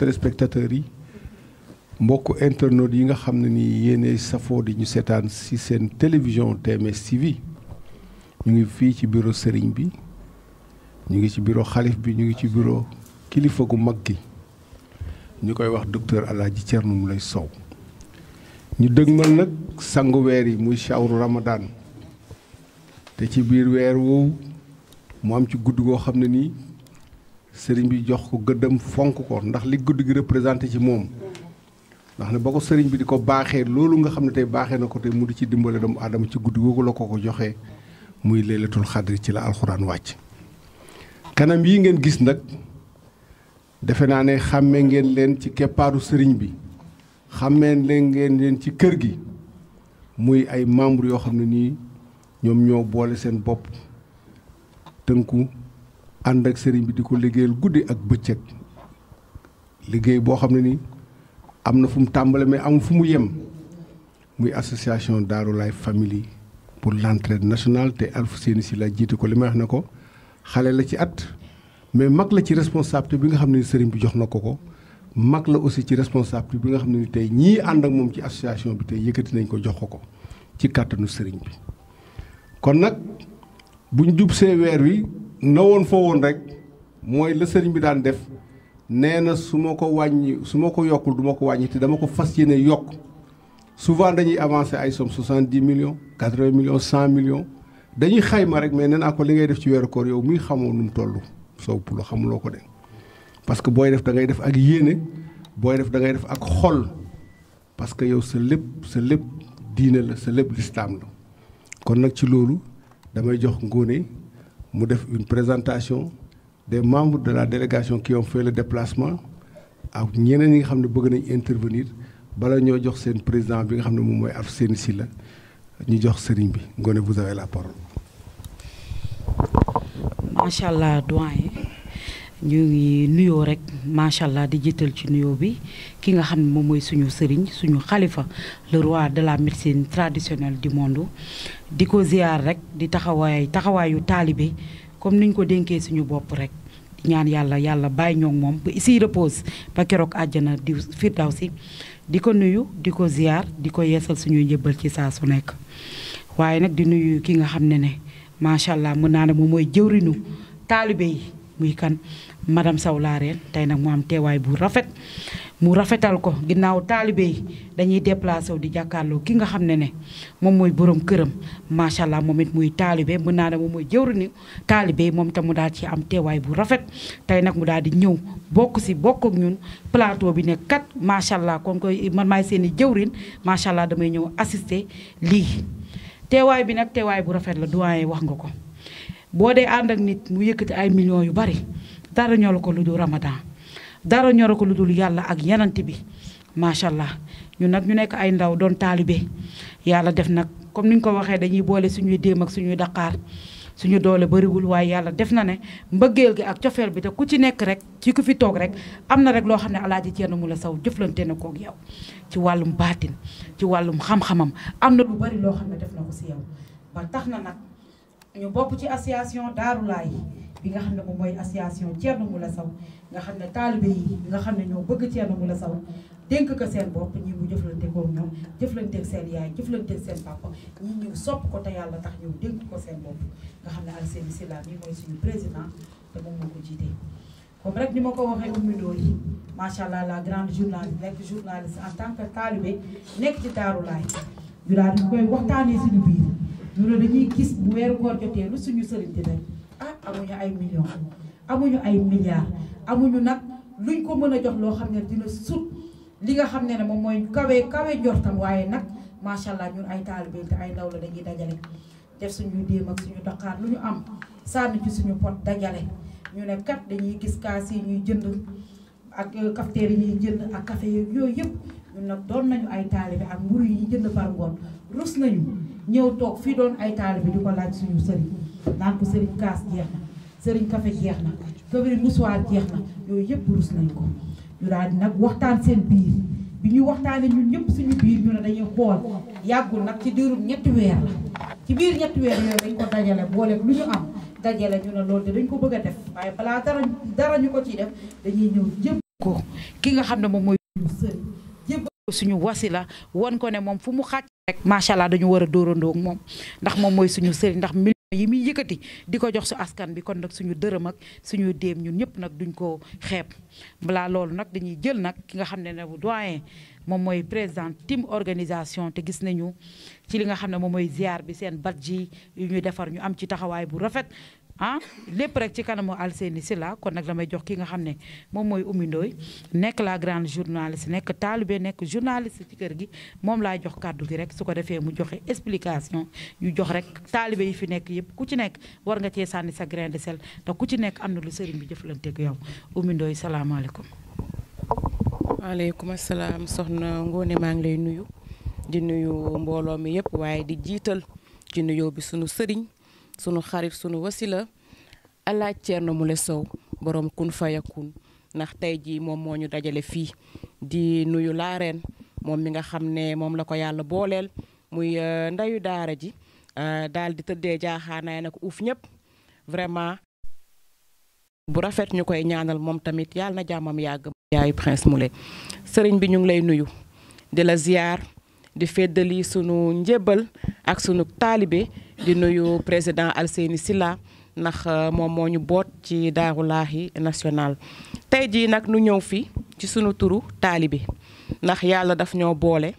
téléspectateurs yi mbokk internautes yi nga xam ne ni yéene safoo di ñu seetaan ci seen télévision TMS TV ñu ngi fii ci bureau sëriñ bi ñu ngi ci bureau xalif bi ñu ngi ci bureau kilifa gu mag gi ñu koy wax docteur Alaaji Thierno Moulay Sow ñu dëgmal nag sangu weer yi muy shawru Ramadan te ci biir weer woowu mu am ci gudd goo xam ne nii sëriñ bi jox ko gëddam fonk ko ndax li guddi gi représenté ci moom ndax ne ba ko sëriñ bi di ko baaxee loolu nga xam ne tey baaxee na ko tey mu di ci dimbale doomu aadama ci guddi googu la ko ko joxe muy leelatul xadri ci la alxuraan wàcc kanam yi ngeen gis nag defe naa ne xàmmee ngeen leen ci keppaaru sëriñ bi xàmmee ngeen leen ci kër gi muy ay membres yoo xam ne nii ñoom ñoo boole seen bopp tënku ànd ak sëriñ bi di ko liggéeyal guddi ak bëccëg liggéey boo xam ne ni am na fu mu tàmbale mais am fu mu yem muy association Darou Life Family pour l'entraide nationale te Alfousseyni Sylla jiite ko li may wax ne ko xale la ci at mais mag la ci responsabilité bi nga xam ne ni sëriñ bi jox na ko ko mag la aussi ci responsabilité bi nga xam ne ni tey ñii ànd ak moom ci association bi tey yëkkati nañ ko jox ko ko ci kàttanu sëriñ bi kon nag buñ jub see weer wi na woon foo woon rek mooy la sëriñ bi daan def nee na su ma ko wàññi su ma ko yokkul duma ko wàññi te dama ko fas yéene yokk souvent dañuy avancer ay somme soixante-dix millions quatre-vingts millions cent millions dañuy xayma rek mais nee naa ko li ngay def ci weeru koor yow muy xamoo nu mu toll soo pulo xamuloo ko de parce que booy def da ngay def ak yéene booy def da ngay def ak xol parce que yow sa lépp sa lépp diine la sa lépp lislaam la kon nag ci loolu damay jox ngóone mu def une présentation des membres de la délégation qui ont fait le déplacement ak ñeneen ñi nga xam ne bëgg nañ intervenir bala ñoo jox seen président bi nga xam ne moom mooy Alfousseyni la ñu jox sëriñ bi ngoone vous avez la parole. ñu ngi nuyoo rek macha allah di jiital ci nuyoo bi ki nga xam ne moom mooy suñu sëriñ suñu xalifa le roi de la médecine traditionnelle du monde di ko ziar rek di taxawaay taxawaayu taalibe comme niñ ko dénkee suñu bopp rek ñaan yàlla yàlla bàyyi ñoo moom ba ici repose ba keroog àjjana di si di ko nuyu di ko ziar di ko yeesal suñuy njëbbal ci saa su nekk waaye nag di nuyu ki nga xam ne ne macha allah mën naa ne moom mooy jëwriñu taalibe yi muy kan madame Sow Lareen tey nag mu am teewaay bu rafet mu rafetal ko ginnaaw taalibe yi dañuy déplacé wu di jàkkaarloo ki nga xam ne ne moom mooy boroom këram macha allah moom it muy taalibe mën naa ne moom mooy jëwriñu taalibe moom tam mu daal ci am teewaay bu rafet tey nag mu daal di ñëw bokk si bokk ñun plateau bi ne kat macha allah kon koy man maay seen i jëwriñ macha allah damay ñëw assister lii teewaay bi nag teewaay bu rafet la doyen wax nga ko. boo dee ànd ak nit mu yëkkati ay millions yu bari dara ñor ko lu dul ramadan dara ñor ko lu dul yàlla ak yananti bi macha allah ñun nag ñu nekk ay ndaw doon taalibe yàlla def nag comme ni ñu ko waxee dañuy boole suñuy déem ak suñuy daqaar suñu doole bariwul waaye yàlla def na ne mbëggeel gi ak cofeel bi te ku ci nekk rek ci ku fi toog rek am na rek loo xam ne alaaji Thierno Moule saw jëflante na koog yow ci wàllum baatin ci wàllum xam-xamam am na lu bari loo xam ne def na ko ñu bokk ci association Daaru Laay bi nga xam ne moom mooy association Thierno Moule saw nga xam ne taalibe yi nga xam ne ñoo bëgg Thierno Moule Sow dénk ko seen bopp ñi mu jëflante koog ñoom jëflanteeg seen yaay jëflanteeg seen papa ñi ñëw sopp ko te yàlla tax ñëw dénk ko seen bopp nga xam ne Alseyni Sylla mi mooy suñu président te moom moo ko jiite. comme rek ni ma ko waxee Oumy Ndoye macha allah la grande journaliste nekk journaliste en tant que taalibe nekk ci Daaru Laay ñu ne dañuy gis bu weeru koor jotee lu suñu sëriñ di def ah amuñu ay millions amuñu ay milliards amuñu nag lu luñ ko mën a jox loo xam ne dina sut li nga xam ne ne moom mooy kawe kawe njortam waaye nag macha allah ñun ay taalibe te ay ndaw la dañuy dajale def suñuy déem ak suñu doqaar lu ñu am sànni ci suñu pot dajale ñu ne dañuy gis kaas yi ñuy jënd ak euh, cafetière yi ñuy jënd ak café yooyu yëpp ñun nag doon nañu ay taalibe ak mburu yi ñuy jënd par ngoon rus nañu ñëw toog fii doon ay taal bi di ko laaj suñu sëriñ naan ko sëriñ kaas jeex na sëriñ café jeex na café musuwaar jeex na yooyu yëpp rus nañ ko ñu nag waxtaan seen biir bi ñu waxtaanee ñun ñëpp suñu biir ñu ne dañuy xool yàggul nag ci diirum ñetti weer la ci biir ñetti weer yooyu dañ ko dajale booleeg lu ñu am dajale ñu ne loolu de dañ ko bëgg a def waaye balaa dara ñu ko ci def dañuy ñëw jëm ko ki nga xam ne moom mooy sëriñ jëbbal ko suñu wasila won ko ne moom fu mu xàcc macha allah dañu war a dóorandoo moom ndax moom mooy suñu sëriñ ndax millions yi muy yëkkati di ko jox su askan bi kon nag suñu dërëm ak suñu déem ñun ñëpp nag duñ ko xeeb balaa loolu nag dañuy jël nag ki nga xam ne ne bu doyen moom mooy président team organisation te gis nañu ci li nga xam ne moom mooy ziar bi seen ji yu ñu defar ñu am ci taxawaay bu rafet ah lépp rek ci kanamu Alseyni Sylla kon nag damay jox kii nga xam ne moom mooy Oumy Ndoye nekk la grande journaliste nekk taalibe nekk journaliste ci kër gi moom laa jox kàddu gi rek su ko defee mu joxe explication yu jox rek taalibe yi fi nekk yëpp ku ci nekk war nga cee sànni sa grain de sel te ku ci nekk am na lu sëriñ bi jëflanteeg yow Oumy Ndoye salaamaaleykum. waaleykum asalaam soxna Ngoné maa ngi lay nuyu di nuyu mbooloo mi yëpp waaye di jiital ci nuyoo bi suñu sëriñ. sunu xarit sunu wasila alaaj mu la Sow borom kun fayakun ndax tey jii moom moo ñu dajale fii di nuyu laareen moom mi nga xam ne moom la ko yàlla booleel muy euh, ndayu daara ji euh, daal di tëddee jaaxaanaay nag uuf ñëpp vraiment bu rafet ñu koy ñaanal moom tamit yàlla na jàmmam yàgg yaayu Prince Moule sëriñ bi ñu ngi lay nuyu di la ziar di feddali sunu njébal ak sunu taalibe di nuyu président Alseyni sila ndax euh, moom moo ñu boot ci Daaru Laahi national tey jii nag nu ñëw fi ci sunu turu taalibe ndax yàlla daf ñoo boole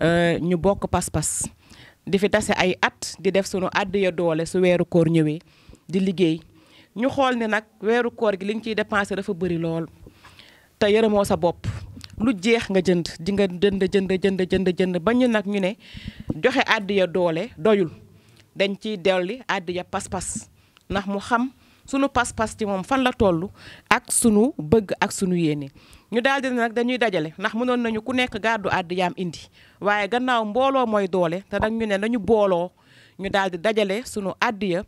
euh, ñu bokk pas-pas di fi tase ay at di def sunu àddiya doole su weeru koor ñëwee di liggéey ñu xool ne nag weeru koor gi liñ ciy dépensé dafa bëri lool te yërëmoo sa bopp lu jeex nga jënd dinga jënd jënd jënd jënd jënd ba ñu nag ñu ne joxe àddiya doole doyul dañ ciy delli àddiya pas-pas ndax mu xam sunu pas-pas ci moom fan la toll ak sunu bëgg ak sunu yéene ñu daal di nag dañuy dajale ndax mënoon nañu ku nekk gàddu àddiyaam indi waaye gannaaw mbooloo mooy doole te nag ñu ne nañu booloo ñu daal di dajale sunu àddiya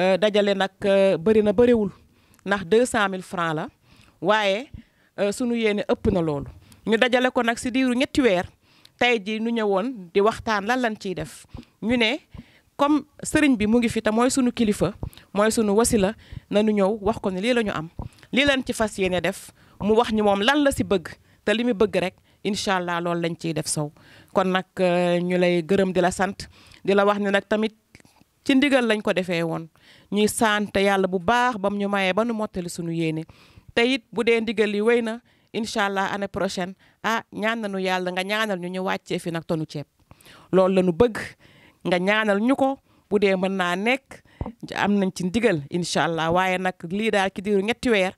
euh, dajale nag euh, bëri na bëriwul ndax mille francs la waaye. Euh, sunu yéene ëpp na loolu ñu dajale ko nag si diiru ñetti weer tey jii nu ñëwoon di waxtaan lan lan ciy def ñu ne comme sëriñ bi mu ngi fi te mooy sunu kilifa mooy sunu wasila na nu ñëw wax ko ne lii la ñu am lii lan ci fas yéene def mu wax ñi moom lan la si bëgg te li mu bëgg rek incha allah loolu lañ ciy def sow kon nag euh, ñu lay gërëm di la sant di la wax ne nag tamit ci ndigal lañ ko defee woon ñuy sant yàlla bu baax bam ñu mayee ba nu mottali sunu yéene te it bu dee ndigal li wéy na incha allah année prochaine ah ñaan nañu yàlla nga ñaanal ñu ñu wàccee fi nag tonu ceeb loolu la ñu bëgg nga ñaanal ñu ko bu dee mën naa nekk am nañ ci ndigal incha allah waaye nag lii daal ki diiru ñetti weer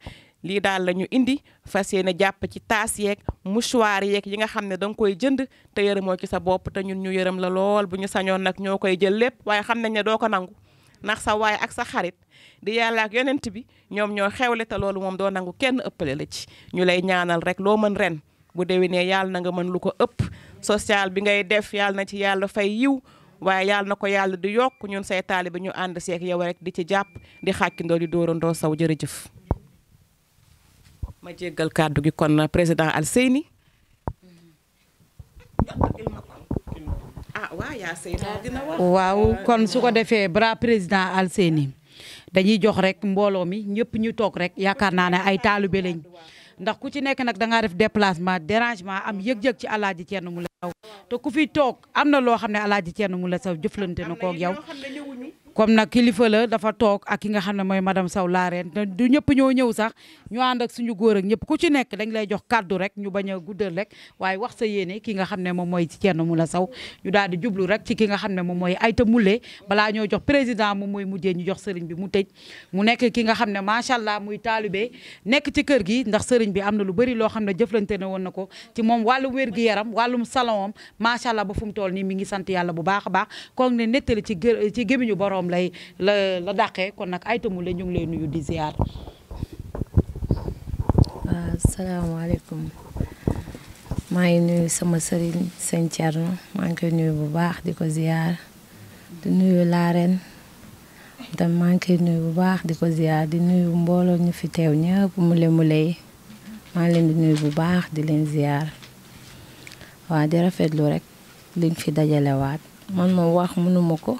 lii daal la ñu indi fas yéene jàpp ci taas yeeg mouchoir yeeg yi nga xam ne dang koy jënd te yërëmoo ci sa bopp te ñun ñu yërëm la lool bu ñu sañoon nag ñoo koy jël lépp waaye xam nañ ne doo ko nangu. ndax sa waay ak sa xarit di yàlla ak yonent bi ñoom ñoo xewle te loolu moom doo nangu kenn ëppale la ci ñu lay ñaanal rek loo mën ren bu déwénee yàlla na nga mën lu ko ëpp social bi ngay def yàlla na ci yàlla fay yiw waaye yàlla na ko yàlla di yokk ñun say taalibe ñu ànd seek yow rek di ci jàpp di xàkkindoo di doorandoo saw jërëjëf. ma jéggal kàddu gi kon na président al Alseyni Ah, waaw euh, kon su ko defee bras président Alseyni dañuy jox rek mbooloo mi ñëpp ñu toog rek yaakaar naa ne ay taalibe lañ ndax ku ci nekk nag dangaa def déplacement dérangement am yëg-yëg ci alaaji Thierno Moule Sow te ku fi toog am na loo xam ne alaaji Thierno Moule Sow jëflante na koog yow comme nag kilifa la dafa toog ak ki nga xam ne mooy madame Sow laareen du ñëpp ñoo ñëw sax ñu ànd ak suñu góor ak ñëpp ku ci nekk dañ lay jox kàddu rek ñu bañ a guddal rek waaye wax sa yéene ki nga xam ne moom mooy ci Thierno Moule Sow ñu daal di jublu rek ci ki nga xam ne moom mooy Aïta Moule balaa ñoo jox président moom mooy mujjee ñu jox sëriñ bi mu tëj mu nekk ki nga xam ne macha allah muy taalibe nekk ci kër gi ndax sëriñ bi am na lu bëri loo xam ne jëflante ne woon na ko ci moom wàllum wér gi yaram wàllum salon am macha allah fu mu toll nii mi ngi sant yàlla bu baax a baax ci ci gémiñu borom moom lay la la dàqee kon nag Aïda Moulé ñu ngi lay nuyu di ziar. waaw salaamaaleykum maa ngi nuyu sama sëriñ sëñ Thierno maa ngi koy nuyu bu baax di ko ziar di nuyu laareen tam maa ngi koy nuyu bu baax di ko ziar di nuyu mbooloo ñu fi teew ñëpp mule mule yi maa ngi leen di nuyu bu baax di leen ziar waa di rafetlu rekk liñ fi dajalewaat waat man moom wax mënuma ko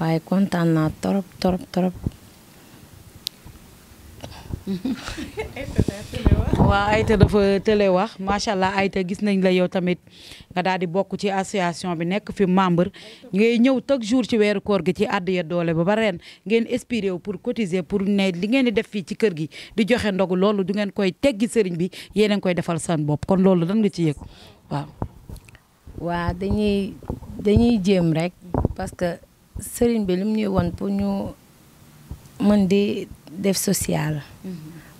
waaye kontaan naa torop torop torop. waaw Aïta dafa tële wax macha allah Aïta gis nañ la yow tamit nga daal di bokk ci association bi nekk fi membre ngay ñëw chaque jour ci weeru koor gi ci àddiya doole ba ba ngeen inspiré pour cotiser pour ne li ngeen di def fii ci kër gi di joxe ndogu loolu du ngeen koy teggi sëriñ bi yéen koy defal seen bopp kon loolu lan nga ci yëg waa dañuy jéem rek sëriñ bi lim ñuy won pour ñu mën di def social.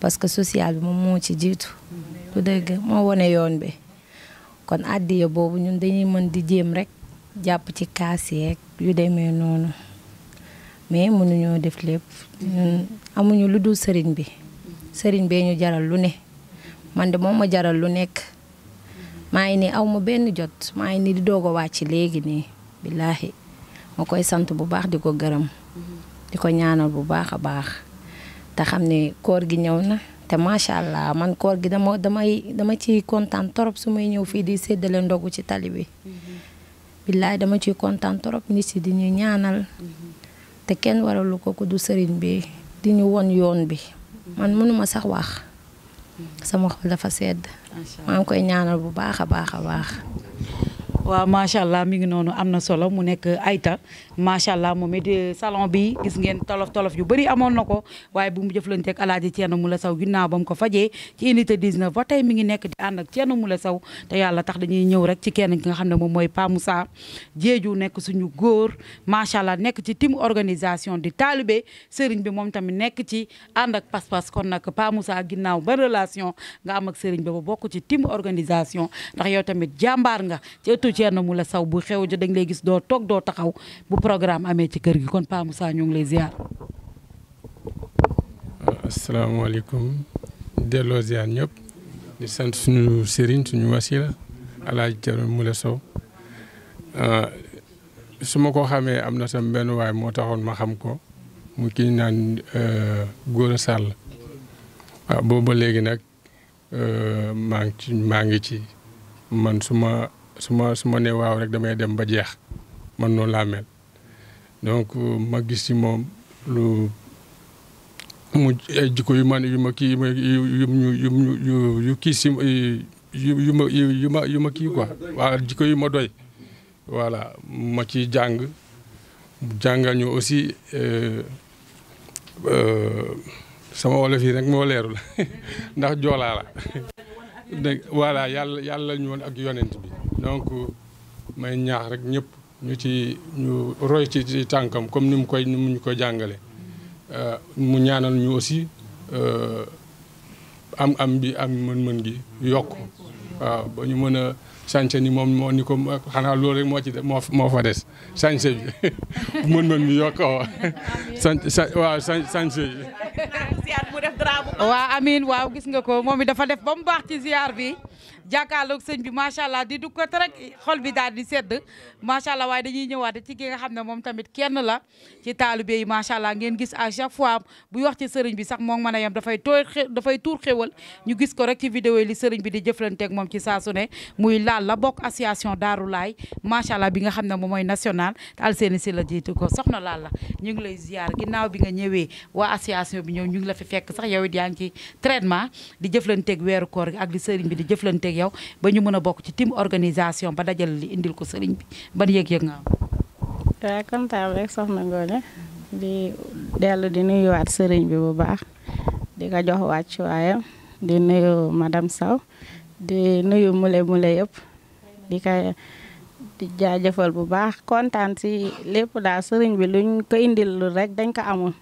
parce que social bi moom moo ci jiitu. lu dëgg moo wane yoon bi kon àddiya boobu ñun dañuy mën di jéem rek jàpp ci kaas yeeg yu demee noonu mais mënuñoo def lépp. ñun amuñu lu dul sëriñ bi. sëriñ bee ñu jaral lu ne man di moom ma jaral lu nekk maa ngi nii aw ma benn jot maa ngi nii di doog a wàcc léegi nii billaahi ma koy sant bu baax di ko gërëm di ko ñaanal bu baax a baax te xam ne koor gi ñëw na te macha allah man koor gi dama damay dama ciy kontaan trop su may ñëw fii di séddale ndogu ci tali bi billaay dama ciy kontaan trop nit si di ñuy ñaanal te kenn waralu ko ku du sëriñ bi di ñu won yoon bi man mënuma sax wax sama xol dafa sedd maa ngi koy ñaanal bu baax a baax a baax waaw macha allah mi ngi noonu am na solo mu nekk Aïta macha allah moom it euh, salon bi gis ngeen tolof tolof yu bëri amoon na ko waaye bu mu jëflanteeg alaaji Thierno Moule Sow ginnaaw ba mu ko fajee ci unité 19 ba tey mi ngi nekk di ànd ak Thierno Moule Sow te yàlla tax dañuy ñëw rek ci kenn ki nga xam ne moom mooy Pa Moussa ju nekk suñu góor macha allah nekk ci team organisation di taalibe sëriñ bi moom tamit nekk ci ànd ak pas kon nag Pa Moussa ginnaaw ba relation nga am ak sëriñ bi bokk ci team organisation ndax yow tamit jàmbaar bisu Thierno Moule saw bu xew ji dañ lay gis doo toog doo taxaw bu programme amee ci kër gi kon Pa Moussa ñu ngi lay ziar. Ah, asalaamaaleykum delloo ziar ñëpp di sant sëriñ suñu wasila Alaaji Thierno ah, su ma ko xamee am na tam benn waay moo taxoon ma xam ko mu kii naan euh, Gora Sall waaw ah, boobu léegi nag euh, maa ngi ci maa ngi ci man su su ma su ma nee waaw rek damay dem ba jeex man noonu laa mel donc ma gis ci moom lu mu jikko yu man yu ma kii yu yu yu kii si yu ma yu ma yu ma kii quoi waaw jikko yu ma doy voilà ma ci jàng jàngal ñu aussi euh, euh, sama wolof yi nag moo leeru la ndax joolaa la yàlla yàlla ñu woon ak yonent bi donc may ñaax rek ñëpp ñu ci ñu roy ci tànkam comme ni mu koy ni mu ñu ko jàngale euh, mu ñaanal ñu aussi euh, am am bi am mën-mën gi yokk waaw ba ñu mën a sañse ni moom moo ni ko xanaa loolu rek moo ci moo moo fa des sañse bi mën-mën bi yokk waaw sañ sañse bi mu def waaw waaw gis nga ko moom i dafa def ba mu baax ci ziar bi jàkkaarloog sëñ bi macha allah di dugg ko rek xol bi daal di sedd macha allah waaye dañuy ñëwaat ci ki nga xam ne moom tamit kenn la ci taalibe yi macha allah ngeen gis à chaque fois bu wax ci sëriñ bi sax moom mën a yem dafay tooy dafay tuur xéwal ñu gis ko rek ci vidéo yi li sëriñ bi di jëflanteeg moom ci saa ne muy laal la bokk association Darou Laye macha bi nga xam ne moom mooy national te si la jiitu ko soxna laal la ñu ngi lay ziar bi nga ñëwee bi ñëw ñu la fi fekk sax yow it yaa traitement di jëflanteeg weeru koor gi ak li sëriñ bi di jëflanteeg yow ba ñu mën a bokk ci team organisation ba dajal di indil ko sëriñ bi ban yëg-yëg nga am. waaw kontaan rek di nuyuwaat sëriñ bi bu baax ko jox wàccuwaayam di nuyu madame Sow di nuyu mule mule ko di jaajëfal bu baax kontaan si lépp daal sëriñ bi luñ ko indil lu rek dañ ko amul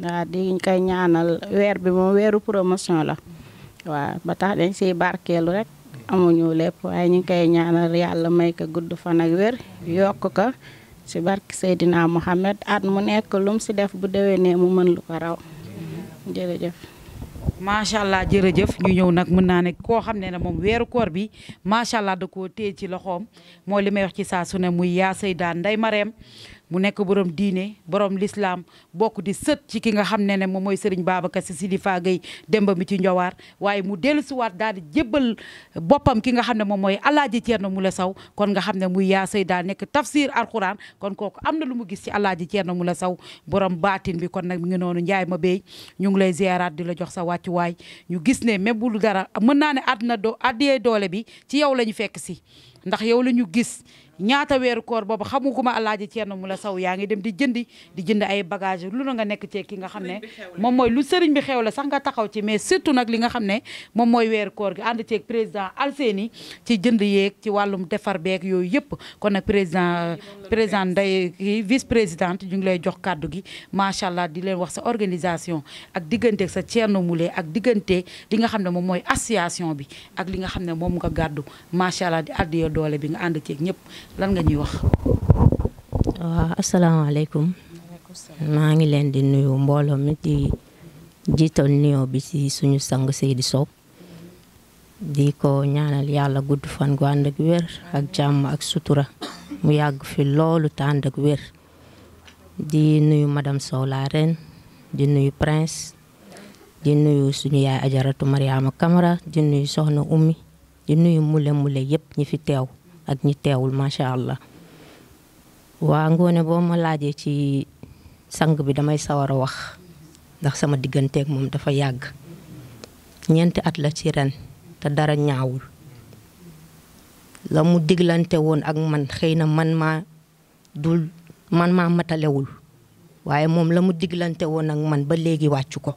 waaw di koy ñaanal weer bi moom weeru promotion la waaw ba tax dañ siy barkeelu rek amuñu lépp waaye ñu ngi koy ñaanal yàlla may ko gudd fan ak wér yokk ko si barke Seydina Mohamed at mu nekk lum si def bu ne mu mën lu ko raw jërëjëf. macha allah jërëjëf ñu ñëw nag mën naa ne koo xam ne ne moom weeru koor bi macha allah da koo téye ci loxoom moo li may wax ci saa su ne muy yaa Seyda Ndeye Marème mu nekk borom diine borom lislaam bokk di sët ci ki nga xam ne ne moom mooy Serigne Babacar Sy Djifa Gueye Demba mi ci Njowaar waaye mu dellusiwaat daal di jébbal boppam ki nga xam ne moom mooy Alaaji Ceerno Mule Saw kon nga xam ne muy yaa sëy daal nekk tafsir alquran kon kooku am na lu mu gis ci Alaaji Ceerno Mule Saw borom baatin bi kon nag mi ngi noonu njaay ma béy ñu ngi lay ziaraat di la jox sa wàccuwaay ñu gis ne même bu dara mën naa ne àddina doo addiyee doole bi ci yow la ñu fekk si ndax yow la ñu gis ñaata weeru koor boobu xamu xamuguma alaaji Ceerno mu la saw yaa ngi dem di jëndi di jënd ay bagage lu na nga nekk ci ki nga xam ne moom mooy lu sëriñ bi xew la sax nga taxaw ci mais surtout nag li nga xam ne moom mooy weeru koor gi ànd ceeg président Alseni ci jënd yeeg ci wàllum defar beeg yooyu yëpp kon nag président président nday kii présidente ñu ngi lay jox kàddu gi macha allah di leen wax sa organisation ak diggante sa Ceerno Moule ak diggante li nga xam ne moom mooy association bi ak li nga xam ne moom nga gàddu macha allah di addiyo doole bi nga ànd ceeg ñëpp lan nga ñuy wax. waaw asalaamaaleykum. maa ngi leen di nuyu mbooloo mi di jiital nuyoo bi ci suñu sang Seydi Sow di ko ñaanal yàlla gudd fan gu ànd ak wér ak jàmm ak sutura mu yàgg fi loolu te ànd ak wér di nuyu madame Sow la di nuyu prince di nuyu suñu yaay ajaratu Mariama kamara di nuyu soxna Ummi di nuyu mule mule yëpp ñi fi teew ak ñi teewul macha allah waa ngoone boo ma laajee ci sang bi damay sawar a wax ndax sama digganteeg moom dafa yàgg ñeenti at la ci ren te dara ñaawul la mu diglante woon ak man xëy na man maa dul man maa matalewul waaye moom la mu diglante woon ak man ba léegi wàccu ko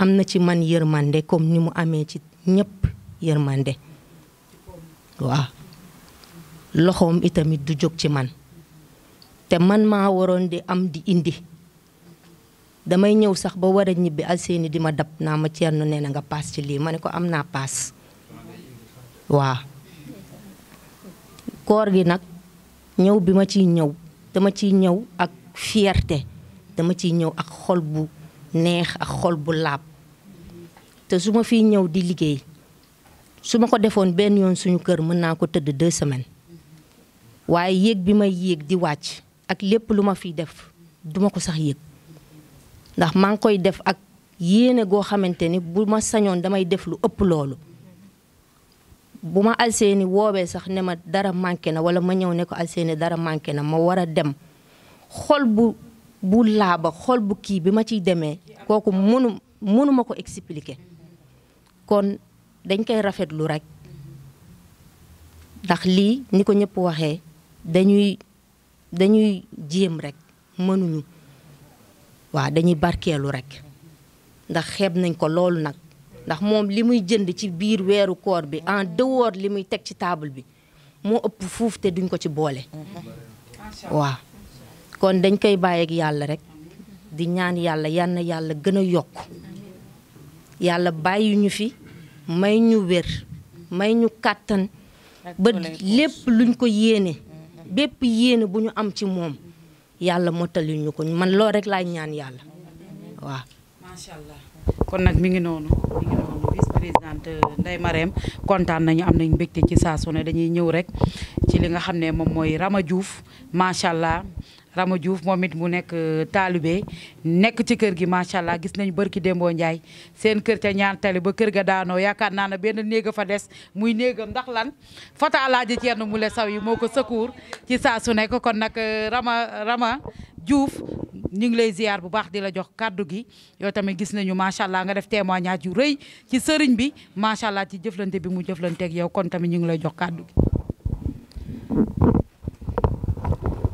am na ci man yërmande kom ni mu amee ci ñëpp yërmande waaw loxoom itamit du jóg ci man te man maa waroon di am di indi damay ñëw sax ba war a ñibbi alseeni di ma dab naa ma ceerno nee na nga paas ci lii ma ne ko am naa paas waa koor gi nag ñëw bi ma ciy ñëw dama ciy ñëw ak fierté dama ciy ñëw ak xol bu neex ak xol bu laab te su ma fiy ñëw di liggéey su ma ko defoon benn yoon suñu kër mën naa ko tëdd deux semaines waaye yéeg bi may yéeg di wàcc ak lépp lu ma fi def duma ko sax yéeg ndax maa ngi koy def ak yéene goo xamante ni bu ma sañoon damay def lu ëpp loolu bu ma alseeni woowee sax ne ma dara manqué na wala ma ñëw ne ko alseeni dara manqué na ma war a dem xol bu bu laaba xol bu kii bi ma ciy demee kooku mënu mënuma ko expliquer kon dañ koy rafetlu rekk ndax lii ni ko ñëpp waxee dañuy dañuy jéem rekk mënuñu waaw dañuy barkeelu rekk ndax xeeb nañ ko loolu nag ndax moom li muy jënd ci biir weeru koor bi en dehors li muy teg ci taabal bi moo ëpp fuuf te duñ ko ci boole waaw kon dañ koy bàyyi yàlla rekk di ñaan yàlla yal na yàlla gën a yokk yàlla bàyyi ñu fi may ñu wér may ñu kàttan ba lépp luñ ko yéene bépp yéene bu ñu am ci moom yàlla mottali ñu ko man loo rek laay ñaan yàlla waaw. macha allah kon nag mi ngi noonu mi ngi noonu kontaan nañu am nañ mbégte ci saa su dañuy ñëw rek ci li nga xam ne moom mooy Rama Diouf macha allah. Rama Diouf moom it mu nekk euh, taalibe nekk ci kër gi macha allah gis nañ barki Dembo Ndiaye seen kër ca ñaar tali ba kër ga daanoo yaakaar naa ne benn néeg fa des muy néegam ndax lan fata alaaji Thierno Moule Sow yi moo ko secours ci saa su nekk kon nag euh, Rama Rama Diouf ñu ngi lay ziar bu baax di la jox kàddu gi yow tamit gis nañu macha allah nga def ñaar ju rëy ci sëriñ bi macha allah ci jëflante bi mu jëflante ak yow kon tamit ñu ngi lay jox kàddu gi.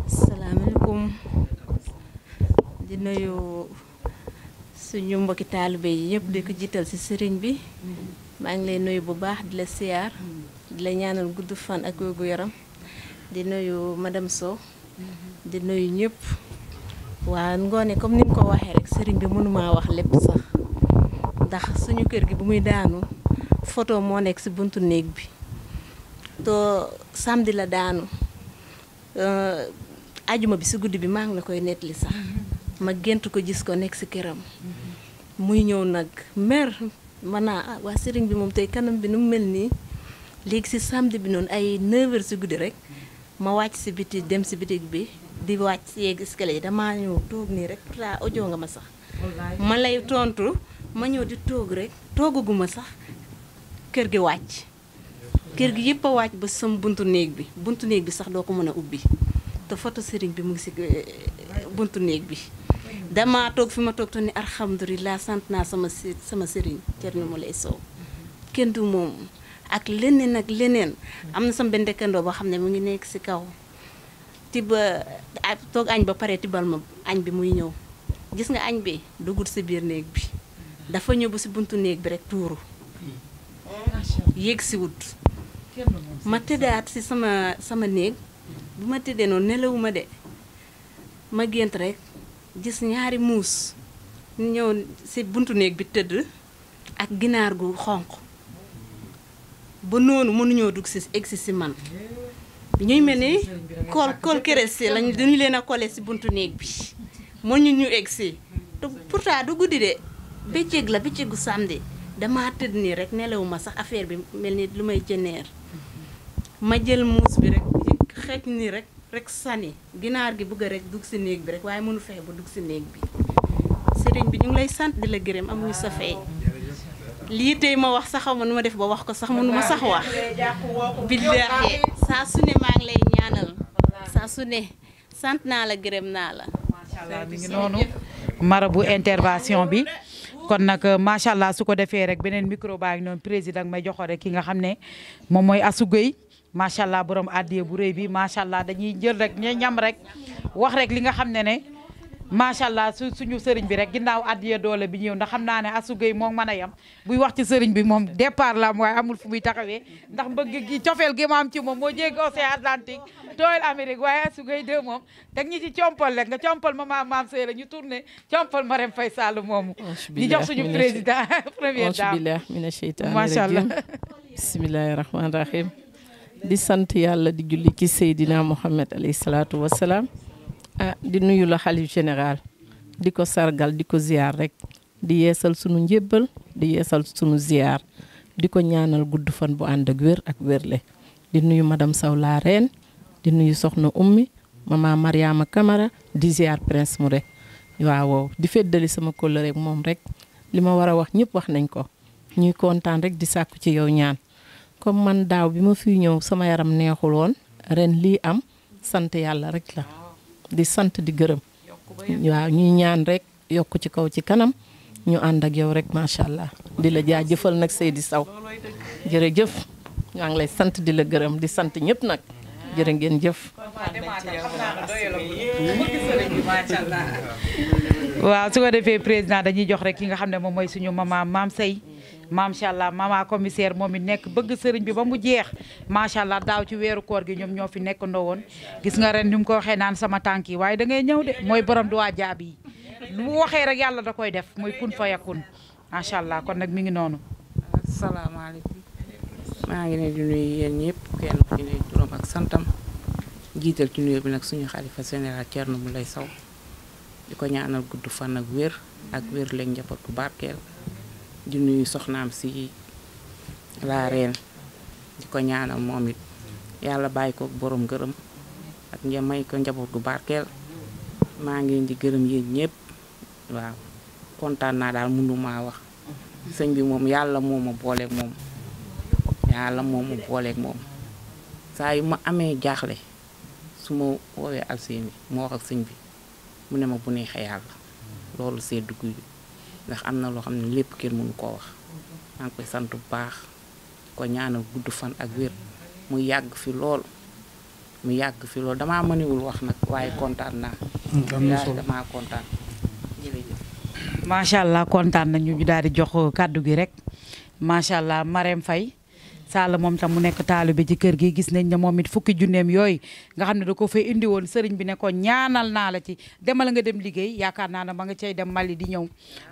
asalaamaaleykum di nuyu suñu mbokki taalibe yi yëpp ko jiital ci sëriñ bi maa ngi lay nuyu bu baax di la siyaar di la ñaanal gudd fan ak wér yaram di nuyu dem Sow di nuyu ñëpp waa ngoone comme ni nga ko waxee rek sëriñ bi mënumaa wax lépp sax ndax suñu kër gi bu muy daanu photo moo nekk ci buntu néeg bi to samedi la daanu euh, ajuma bi si guddi bi maa ngi la koy nettali sax ma gént ko gis ko nekk ci këram muy ñëw nag mer man naa ah, waa sëriñ bi moom tey kanam bi nu mel nii léegi si samedi bi noonu ay 9h guddi rek ma wàcc si biti dem si bitig bi di wàcc si yeeg escalier yi damaa ñëw toog nii rek pourtant audio nga ma sax ma lay tontu ma ñëw di toog rek toogaguma sax kër gi wàcc kër gi yëpp a wàcc ba sëm buntu néeg bi buntu néeg bi sax doo ko mën a ubbi te foto sëriñ bi mu ngi si eh, eh, buntu néeg bi damaa toog fi ma toog te ni alhamdulilah sant naa sama sama sëriñ Thierno Moulay Sow kenn du moom ak leneen ak leneen am na sama benn dëkkandoo boo xam ne mu ngi nekk ci kaw tiba toog añ ba pare tibal ma añ bi muy ñëw gis nga añ bi dugut si biir néeg bi dafa ñëw si buntu néeg bi rek tuuru yéeg si wut ma tëddaat si sama sama néeg bu ma tëddee noonu nelawuma de ma gént rek gis ñaari muus ñëw ci buntu néeg bi tëdd ak ginaar gu xonq ba noonu mënuñoo dugg ci egsi ci man ñuy mel ni kool kool keres si lañ dañu leen a kole ci buntu néeg bi moo ñu ñu egsi te pourtant du guddi de bëccëg la bëccëgu samedi dama tëdd nii rek nelawuma sax affaire bi mel ni lu may jëneer ma jël muus bi rek xeec nii rek rek sani ginaar gi bëgg rek dugg si néeg bi rek waaye mënu fexe ba dugg si néeg bi sëriñ bi ñu lay sant di la gërëm amuñu sa fay lii tey ma wax sax xaw ma nu ma def ba wax ko sax mënu ma sax wax billaahi saa su ne lay ñaanal saa su ne sant naa la gërëm naa la allah mi ngi noonu marabu intervention bi kon nag macha allah su ko defee rek beneen micro baa noonu président may joxo rek ki nga xam ne moom mooy Assou Gueye macha allah borom addiye bu rëy bi macha allah dañuy jël rek ña ñam rek wax rek li nga xam ne ne allah su suñu sëriñ bi rek ginnaaw addiye doole bi ñëw ndax xam naa ne asugay moom mën a yem buy wax ci sëriñ bi moom départ la am waaye amul fu muy taxawee ndax mbëgg gi cofeel gi ma am ci moom moo jéggi océan Atlantique tooyal Amérique waaye asugay deux moom teg ñi ci compal rek nga compal ma maam maam sëy la ñu tourné compal ma rem fay sàll moomu ñu jox suñu président première dame di sant yàlla di julli ci Seydina Mohamed alayhi salaatu wasalaam ah di nuyu la xalif général di ko sargal di ko ziar rek di yeesal sunu njébbal di yeesal sunu ziar di ko ñaanal gudd fan bu ànd ak wér ak wérle di nuyu madame Sow la reine di nuyu soxna ummi mama Mariama kamara di ziar prince mu rek waaw di feddali sama kóllëre rek moom rek li ma war a wax ñëpp wax nañ ko ñuy kontaan rek di sàkku ci yow ñaan comme man daaw bi ma fi ñëw sama yaram neexul woon ren lii am sant yàlla rek la di sant di gërëm waaw ñuy ñaan rek yokk ci kaw ci kanam ñu ànd ak yow rek macha allah di la jaajëfal nag Seydi Sow jërëjëf maa ngi lay sant di la gërëm di sant ñëpp nag jërë ngeen jëf. waaw su ko defee président dañuy jox rek ki nga xam ne moom mooy suñu maman Maam Sey. macha allah mama commissaire moom it nekk bëgg sëriñ bi ba mu jeex macha allah daaw ci weeru koor gi ñoom ñoo fi nekk ndoo woon gis nga ren ni mu ko waxee naan sama tànk yi waaye dangay ñëw de mooy borom du waa jaab yi lu mu waxee rek yàlla da koy def mooy kun fa yakun macha allah kon nag mi ngi noonu. asalaamaaleykum maa ngi leen di nuyu yéen ñëpp kenn ku ci ne ak santam jiital ci nuyu bi nag suñu xalifa général Thierno Moulay Sow di ko ñaanal gudd fan ak ak wér leen njaboot bu barkeel. di nuyu soxnaam si la reen di ko ñaanal moom it yàlla bàyyi ko boroom gërëm ak nga may ko njaboot gu barkeel maa ngi leen di gërëm yéen ñëpp waaw kontaan naa daal mënumaa wax sëñ bi moom yàlla moo ma booleeg moom yàlla ma booleeg moom saa yu ma amee jaaxle su ma woowee Alseyni ma wax ak sëñ bi mu ne ma bu neexee yàlla loolu sedd dugg ndax am na loo xam ne lépp kenn mënu koo wax maa ngi koy sant bu baax ko ñaanal gudd fan ak wér mu yàgg fi lool mu yàgg fi lool dama manewul wax nag waaye kontaan naa. damaa kontaan. macha allah kontaan na ñu daal di jox kàddu gi rek macha allah Marème Faye Sall moom tam mu nekk taalibe ci kër gi gis nañ ne moom it fukki junneem yooyu nga xam ne da ko fay indi woon sëriñ bi ne ko ñaanal naa la ci demal nga dem liggéey yaakaar naa ne ma nga cay dem Mali di ñëw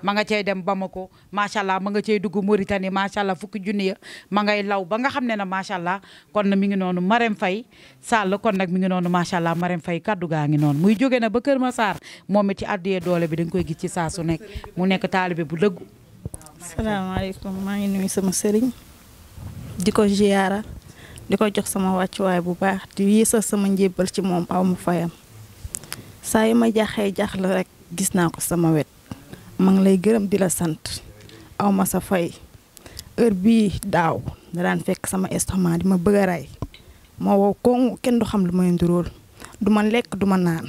ma nga cay dem Bamako macha allah ma nga cay dugg Mauritanie macha allah fukki junne ya ma ngay law ba nga xam ne na macha allah kon na mi ngi noonu Marème Faye Sall kon nag mi ngi noonu macha allah Marème Faye kaddu gaa ngi noonu muy jóge na ba Kër ma Massar moom it ci addiyee doole bi danga koy gis ci saa su nekk mu nekk taalibe bu dëggu. maa ngi nuyu sama sëriñ. di ko ziyaara di ko jox sama wàccuwaay bu baax di yéesal sama njébbal ci moom aw mu fayam saa yu ma jaaxee la rek gis naa ko sama wet ma ngi lay gërëm di la sant aw ma sa fay heure bii daaw da daan fekk sama estomac di ma bëgg a rey ma wow koŋ kenn du xam lu may nduróol du ma lekk du ma naan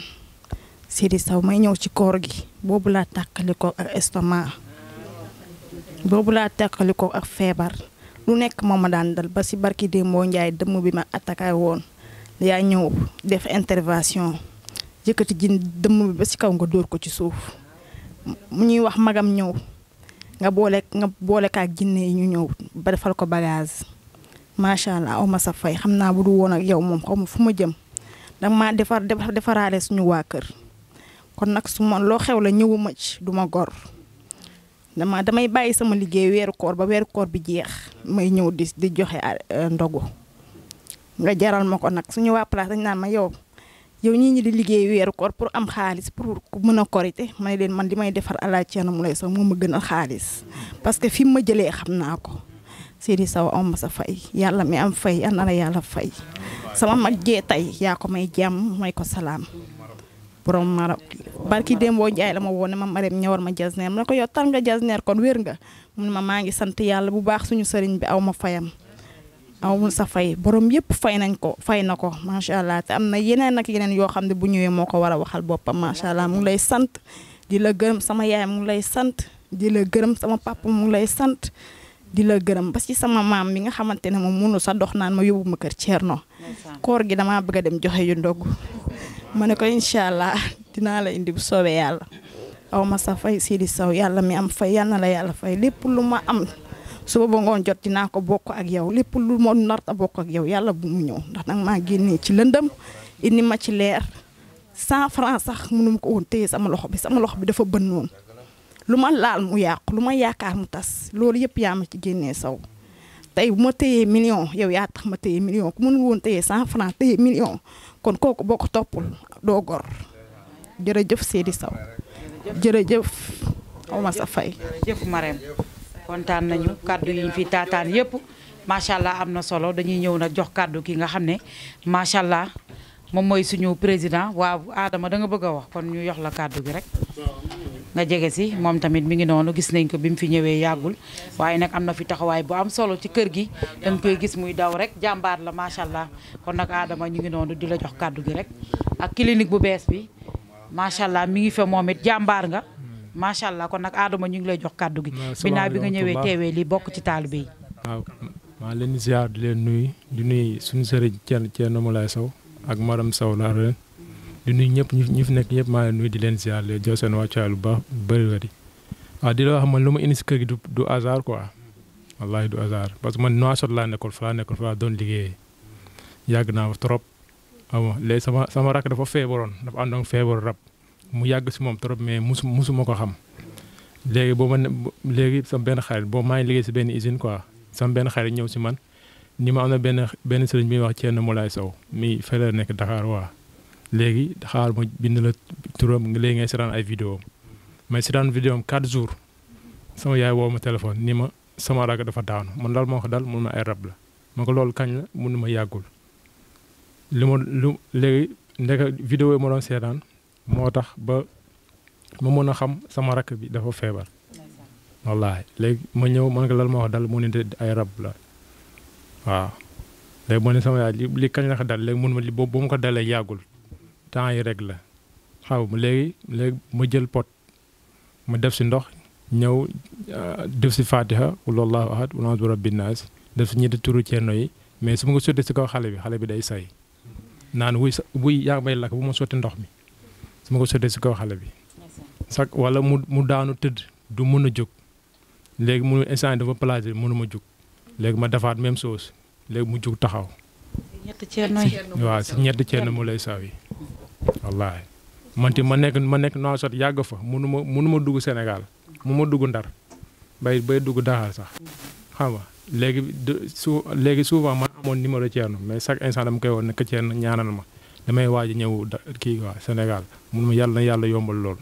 Sidi saw may ñëw ci koor gi boobu laa tàqali ko ak estomac boobu laa tàqali ko ak feebar lu nekk moom ma daan dal ba si barki Dembo Ndiaye dëmm bi ma attaqué woon yaa ñëw def intervention yëkkati jin dëmm bi ba si kaw nga dóor ko ci suuf mu ñuy wax magam ñëw nga boole nga boole kaak jinne yi ñu ñëw ba defal ko bagage macha allah aw ma sa fay xam naa bu du woon ak yow moom xaw ma fu ma jëm ndax maa defar defaraale suñu waa kër kon nag su ma loo xew la ñëwuma ci du ma gor. dama damay bàyyi sama liggéey weeru koor ba weeru koor bi jeex may ñëw di di joxe ah, euh, ndogu nga jaral ma ko nag suñu waa place dañ naan ma yow yow ñii ñi di liggéey weeru koor pour am xaalis pour mën a korite ma ne leen man li may defar alaaj mu lay Sow moo ma gënal xaalis parce que fi mu ma jëlee xam naa ko Sidi Sow am sa fay yàlla mi am fay yal na la yàlla fay sama mag jee tey yaa ko may jàmm may ko salaam borom mara barki démb boo jaay la ma woo ne ma Marème ñëwal ma jasneer ma na ko yow tar nga jasneer kon wér nga mun ma maa ngi sant yàlla bu baax suñu sëriñ bi aw ma fayam aw ma sa fay borom yëpp fay nañ ko fay na ko macha allah te am na yeneen ak yeneen yoo xam ne bu ñëwee moo ko war a waxal boppam macha allah mu ngi lay sant di la gërëm sama yaay mu ngi lay sant di la gërëm sama papa mu ngi lay sant di la gërëm ba si sama maam mi nga xamante ne moom mënu sa dox naan ma yóbbu kër Thierno koor gi damaa bëgg a dem joxe yu ndog ma ne ko incha allah dinaa la indi bu soobee yàlla aw ma sa fay Sidi saw yàlla mi am fay yal na la yàlla fay lépp lu ma am suba ba ngoon jot dinaa ko bokk ak yow lépp lu ma narta bokk ak yow yàlla bu mu ñëw ndax nag maa génnee ci lëndëm indi ma ci leer cent franc sax munum ko woon téye sama loxo bi sama loxo bi dafa bën noonu lu ma laal mu yàqu lu ma yaakaar mu tas loolu yëpp yaa ma ci génnee saw tey bu ma téyee million yow yaa tax ma téye million ku woon téye cent franc million kon kooku boo ko toppul doo gor jërëjëf Seydi Sow jërëjëf awma sa fay jërëjëf Marème kontaan nañu kàddu yi fi taataan yëpp macha allah am na solo dañuy ñëw na jox kàddu ki nga xam ne macha allah moom mooy suñu président waaw Adama da nga bëgg a wax kon ñu yox la kàddu gi rek nga jege si moom tamit mu ngi noonu gis nañ ko bi mu fi ñëwee yàggul waaye nag am na fi taxawaay bu am solo ci kër gi danga koy gis muy daw rek jàmbaar la macha allah kon nag Adama ñu ngi noonu di la jox kàddu gi rek ak clinique bu bees bi macha allah mi ngi fa moom it jàmbaar nga macha allah nag Adama ñu ngi lay jox kàddu gi binaa bi nga ñëwee teewee li bokk ci taalibe yi waaw maa leen ziar di leen nuy du nuy suñu sëriñ Thierno Moulay Sow ak madame Sow laa leen di nuyu ñëpp ñu fi nekk ñëpp maa leen nuyu di leen ziar leen jox seen wàccuwaay lu baax bëri la di. waaw ah, di la wax man lu ma indi si kër gi du du hasard quoi wallaahi du hasard parce que man Nouakchott laa nekkoon fa laa nekkoon fa laa doon liggéeyee yàgg naa fa trop. waaw léegi sama rakk dafa feebaroon dafa àndoon feebar rab mu yàgg si moom trop mais musu musuma ko xam léegi boo ma léegi sama benn xarit boo maa ngi liggéey si benn usine quoi sama benn xarit ñëw si man ni ma am na benn benn sëriñ bi wax Thierno Moulay Sow mi fële nekk Dakar waa léegi xaar ma bind la turam léegi ngay seetaan ay vidéo may seetaan vidéo am 4 yaay woo ma téléphone ni ma sama rakk dafa daanu man daal moo ko dal mun ma ay rab la ma loolu kañ la mun ma yàggul li ma lu léegi ndeka vidéo yi ma doon seetaan moo tax ba ma mën a xam sama rakk bi dafa feebar wallaahi léegi ma ñëw man ko lal ma wax dal mu ne ay rab la waaw léegi moo ne sama yaay li li kañ la ko dal léegi mun ma li boobu ba mu ko dalee yàggul temps yi rek la xaw ma léegi léegi ma jël pot ma def si ndox ñëw euh, def si fatiha qul allahu ahad qul a'uuzu bi rabbin naas def si ñetti turu ceenno yi mais su ma ko sottee si kaw xale bi xale bi day say naan wuy sa wuy yaa may lakk bu ma sotti ndox mi su ma ko sottee si kaw xale bi sax wala mu mu daanu tëdd du mën a jóg léegi mu instant dafa placer mënuma jóg léegi ma defaat même chose léegi mu jug taxaw. waaw si ñetti ceen mu lay saw yi wallaahi man ti ma nekk ma nekk Nouakchott yàgg fa munu ma ma dugg Sénégal mu ma dugg Ndar bay bay dugg daal sax xam nga léegi su léegi souvent man amoon numéro Thierno mais chaque instant dama koy woon nekk Thierno ñaanal ma damay waaj a ñëw kii waa Sénégal mun ma yàlla na yàlla yombal lool.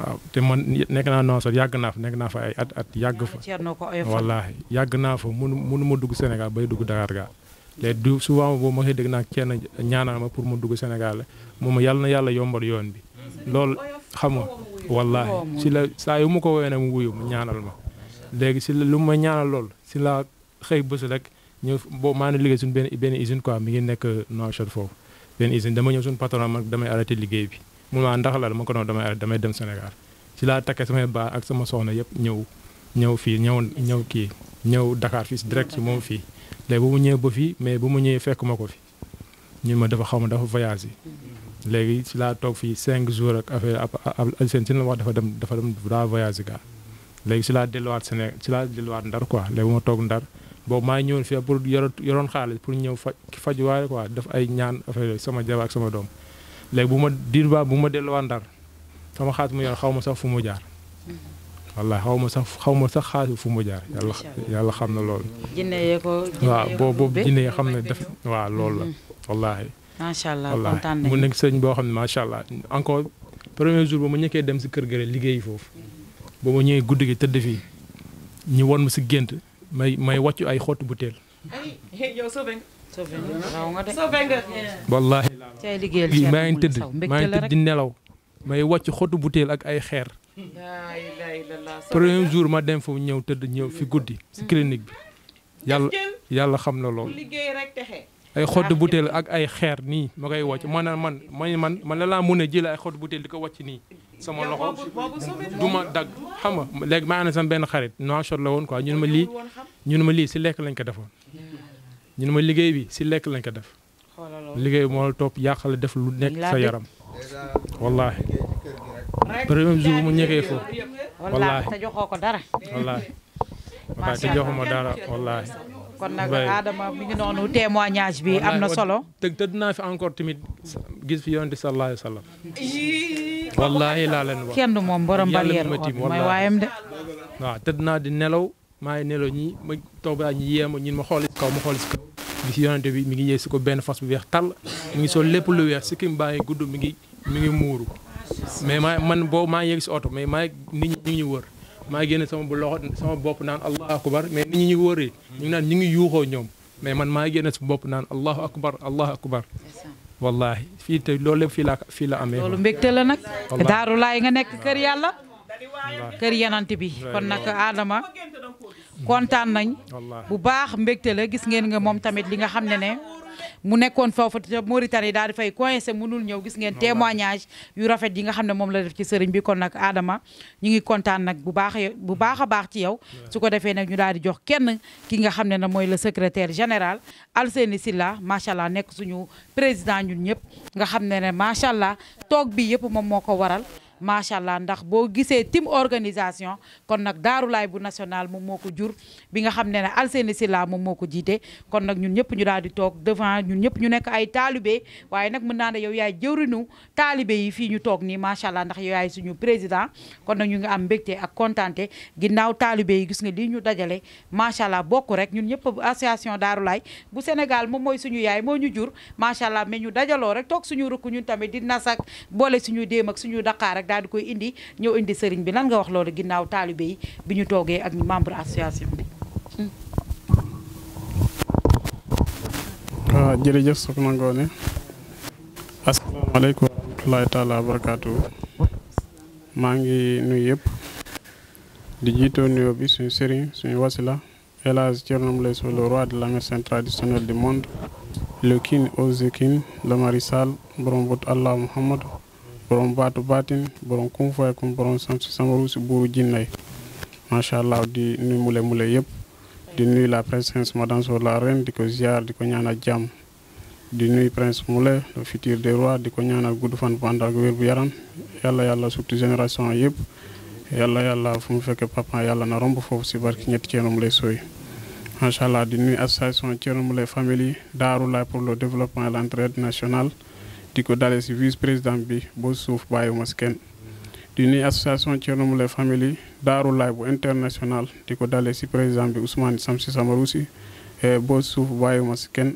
waaw te man nekk naa Nouakchott yàgg naa fa nekk naa fa ay at at yàgg fa wallaahi yàgg naa fa mënu mënu ma dugg Sénégal bay dugg Dakar gaa léegi du souvent boobu ma koy dégg naa kenn ñaanal ma pour ma dugg Sénégal moom yàlla na yàlla yombal yoon bi lool xam nga wallaahi si la saa yu ma ko woowee nag mu wuyu mu ñaanal ma léegi si la lu ma ñaanal lool si la xëy bés rek ñëw boo maa liggéey suñu benn benn usine quoi mi ngi nekk Nouakchott foofu benn usine dama ñëw suñu patron mag liggéey bi mun maa ndax la ma ko noonu damay dem Sénégal si laa takkee samay baax ak sama soxna yëpp ñëw ñëw fii ñëw ñëw kii ñëw Dakar fii direct ci moom fii léegi bu mu ñëwee ba fii mais bu mu ñëwee fekk ko fi ñun ma dafa xaw ma dafa voyage léegi ci laa toog fii cinq jours ak affaire Alicen si la wax dafa dafa dem daa voyage ga léegi ci laa delluwaat Sénégal ci laa delluwaat Ndar quoi léegi bu ma toog Ndar boobu maa ñëwul ñëwoon fii pour yoroon xaalis pour ñëw faj faj waaye quoi def ay ñaan affaire sama jabar ak sama doom léegi bu ma diir ba bu ma delluwaat ndar sama xaalis mu yor xaw ma sax fu mu jaar. wallaay xaw ma sax xaw ma sax xaalis fu mu jaar. yàlla yàlla xam na loolu. waaw boobu boobu jëndee xam ne def waaw loolu la. wallaahi. macha allah kontaan nañu mu nekk sëñ boo xam ne macha allah encore premier jour ba ma ñëkkee dem si kër ga liggéey foofu. ba ma ñëwee guddi gi tëdd fii ñu won ma si gént may may wàccu ay xottu bu teel. sauvé nga de sauvé nga. wallaahi. cay liggéeyal maa ngi tëdd maa ngi tëdd di nelaw. may wàcc xotu butéel ak ay xeer. premier jour ma dem foofu ñëw tëdd ñëw fi guddi. si clinique bi. yàlla yàlla xam na loolu. ay xottu butéel ak ay xeer nii ma koy wàcc man man man man la laa mën a jëlee ay xottu butéel di ko wàcc nii sama loxo du dagg xam nga léegi maa na ne benn xarit noa la woon quoi ñun ma lii ñun ma lii si lekk lañ ko defoon. ñun ma liggéey bi si lekk lañ ko def. liggéey moo la topp yàqale def lu nekk sa yaram. wallaahi. premier jour mu ñëkkee foofu. wallaahi te joxoo ko dara. wallaahi. wallaahi. kon nag Adama mi ngi noonu témoignage bi am na solo. te te dinaa fi encore tamit gis fi yonent sallallahu wallaahi laa leen wax. kenn moom borom barrière mooy waayam de. waaw te dinaa di nelaw. maa ngi nelaw ñi ma toog ba ñi yéem ñun ma xool kaw ma xool si kaw gis yonante bi mi ngi ñëw si ko benn fas bu weex tàll mi ngi sol lépp lu weex si kim baa gudd mi ngi muuru mais man boobu maa ngi yegg si oto mais maa nit ñi ñu ngi wër maa bu loxo sama bopp naan allahu akbar mais nit ñi ñu wëree ñu ngi naan ñu ngi yuuxoo ñoom mais man maa génn si bopp naan allahu akbar allahu akbar wallahi fii te loolu lépp fii laa fii la amee loolu mbégte la nag daaru laay nga nekk kër yàlla kër yenant bi kon nag Adama kontaan nañ bu baax mbégte la gis ngeen nga moom tamit li nga xam ne ne mu nekkoon foofu te Mauritanie daal di fay coincé mënul ñëw gis ngeen témoignage yu rafet yi nga xam ne moom la def ci sëriñ bi kon nag Adama ñu ngi kontaan nag bu baax bu baax a baax ci yow su ko defee nag ñu daal di jox kenn ki nga xam ne ne mooy le secrétaire général Alseni Silla macha allah nekk suñu président ñun ñëpp nga xam ne ne macha allah toog bi yëpp moom moo ko waral macha allah ndax boo gisee team organisation kon nag daarulaay bu national moom moo ko jur bi nga xam ne ne Alseni Silla moom moo ko jiite kon nag ñun ñëpp ñu daal di toog devant ñun ñëpp ñu nekk ay taalibe waaye nag mën naa ne yow yaay jëwrinu taalibe yi fii ñu toog nii macha allah ndax yow yaay suñu président kon nag ñu ngi am mbégte ak kontaante ginnaaw taalibe yi gis nga lii ñu dajale macha allah bokk rek ñun ñëpp association Daaru bu Sénégal moom mooy suñu yaay moo ñu jur macha allah mais ñu dajaloo rek toog suñu rukk ñun tamit di nas ak boole suñu déem suñu daqaar rek daal di koy indi ñëw indi sëriñ bi lan nga wax loolu ginnaaw taalibe yi bi ñu toogee ak membre association bi. Ah, waaw maa ngi nuyu yëpp. di jiitoo nuyoo bi suñu sëriñ suñu wasila El Hadj Thierno Moule Sow roi de la médecine traditionnelle du monde. le kin au kin le marisal borom Allah Muhammad borom baatu baatin borom kum fay kum borom sant samaru si buuru jinnay macha allah di nuyu mule mule yëpp di nuyu la princesse madame la reine di ko ziar di ko ñaanal jàmm di nuy prince Moulé le futur des rois di ko ñaanal gudd fan bu ànd ak bu yaram yàlla yàlla surtout génération yëpp yàlla yàlla fu mu fekkee papa yàlla na romb foofu si barki ñetti Thierno Moulé Sow macha allah di nuyu association Thierno Moulé famille Daaru Laay pour le développement di ko dale si vice président bi ba suuf bàyyiwuma si kenn di nuyu association Thierno Moule Family Daaru Laay bu international di ko dale si président bi Ousmane Samsi Samarousi eh, ba suuf bàyyiwuma si kenn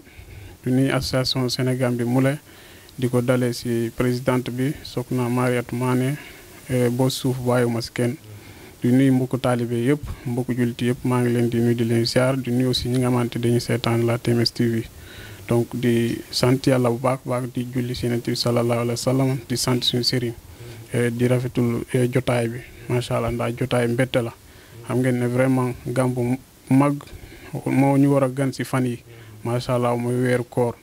di nuyu association Sénégal bi Moule di ko dale si présidente bi Sokhna Mariatou Mané eh, ba suuf bàyyiwuma si kenn di nuyu mbokku taalibe yëpp mbokku jullit yëpp maa ngi leen di nuyu di leen siyaar di nuyu aussi ñi nga xamante dañuy seetaan la TMS TV donc di sant yàlla bu baax baax di julli si Yonent ti salallaahu alayhi wa di sant suñu sëriñ eh, di rafetul eh, jotaay bi macha allah ndax jotaay mbette la xam ngeen ne vraiment gàmmu bu mag moo ñu war a gan si fan yi macha allah mooy weeru koor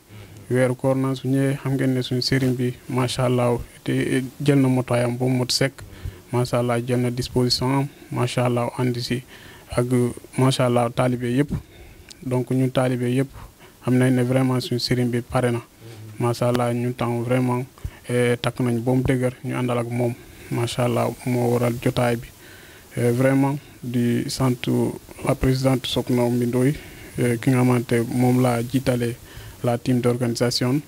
weeru koor na su ñëwee xam ngeen ne suñu sëriñ bi macha allah te eh, jël na motaayam ba mot sekk macha allah jël na disposition am macha allah ànd si ak macha allah taalibe yëpp donc ñu taalibe yëpp. am nañ ne vraiment suñu sëriñ bi pare na macha allah ñun tam vraiment e takk nañu ba mu dëgër ñu àndal ak moom macha allah moo waral jotaay bi eh, vraiment di sant la présidente Sokhna Oumy eh, ki nga xamante moom laa jiitale la team d'organisation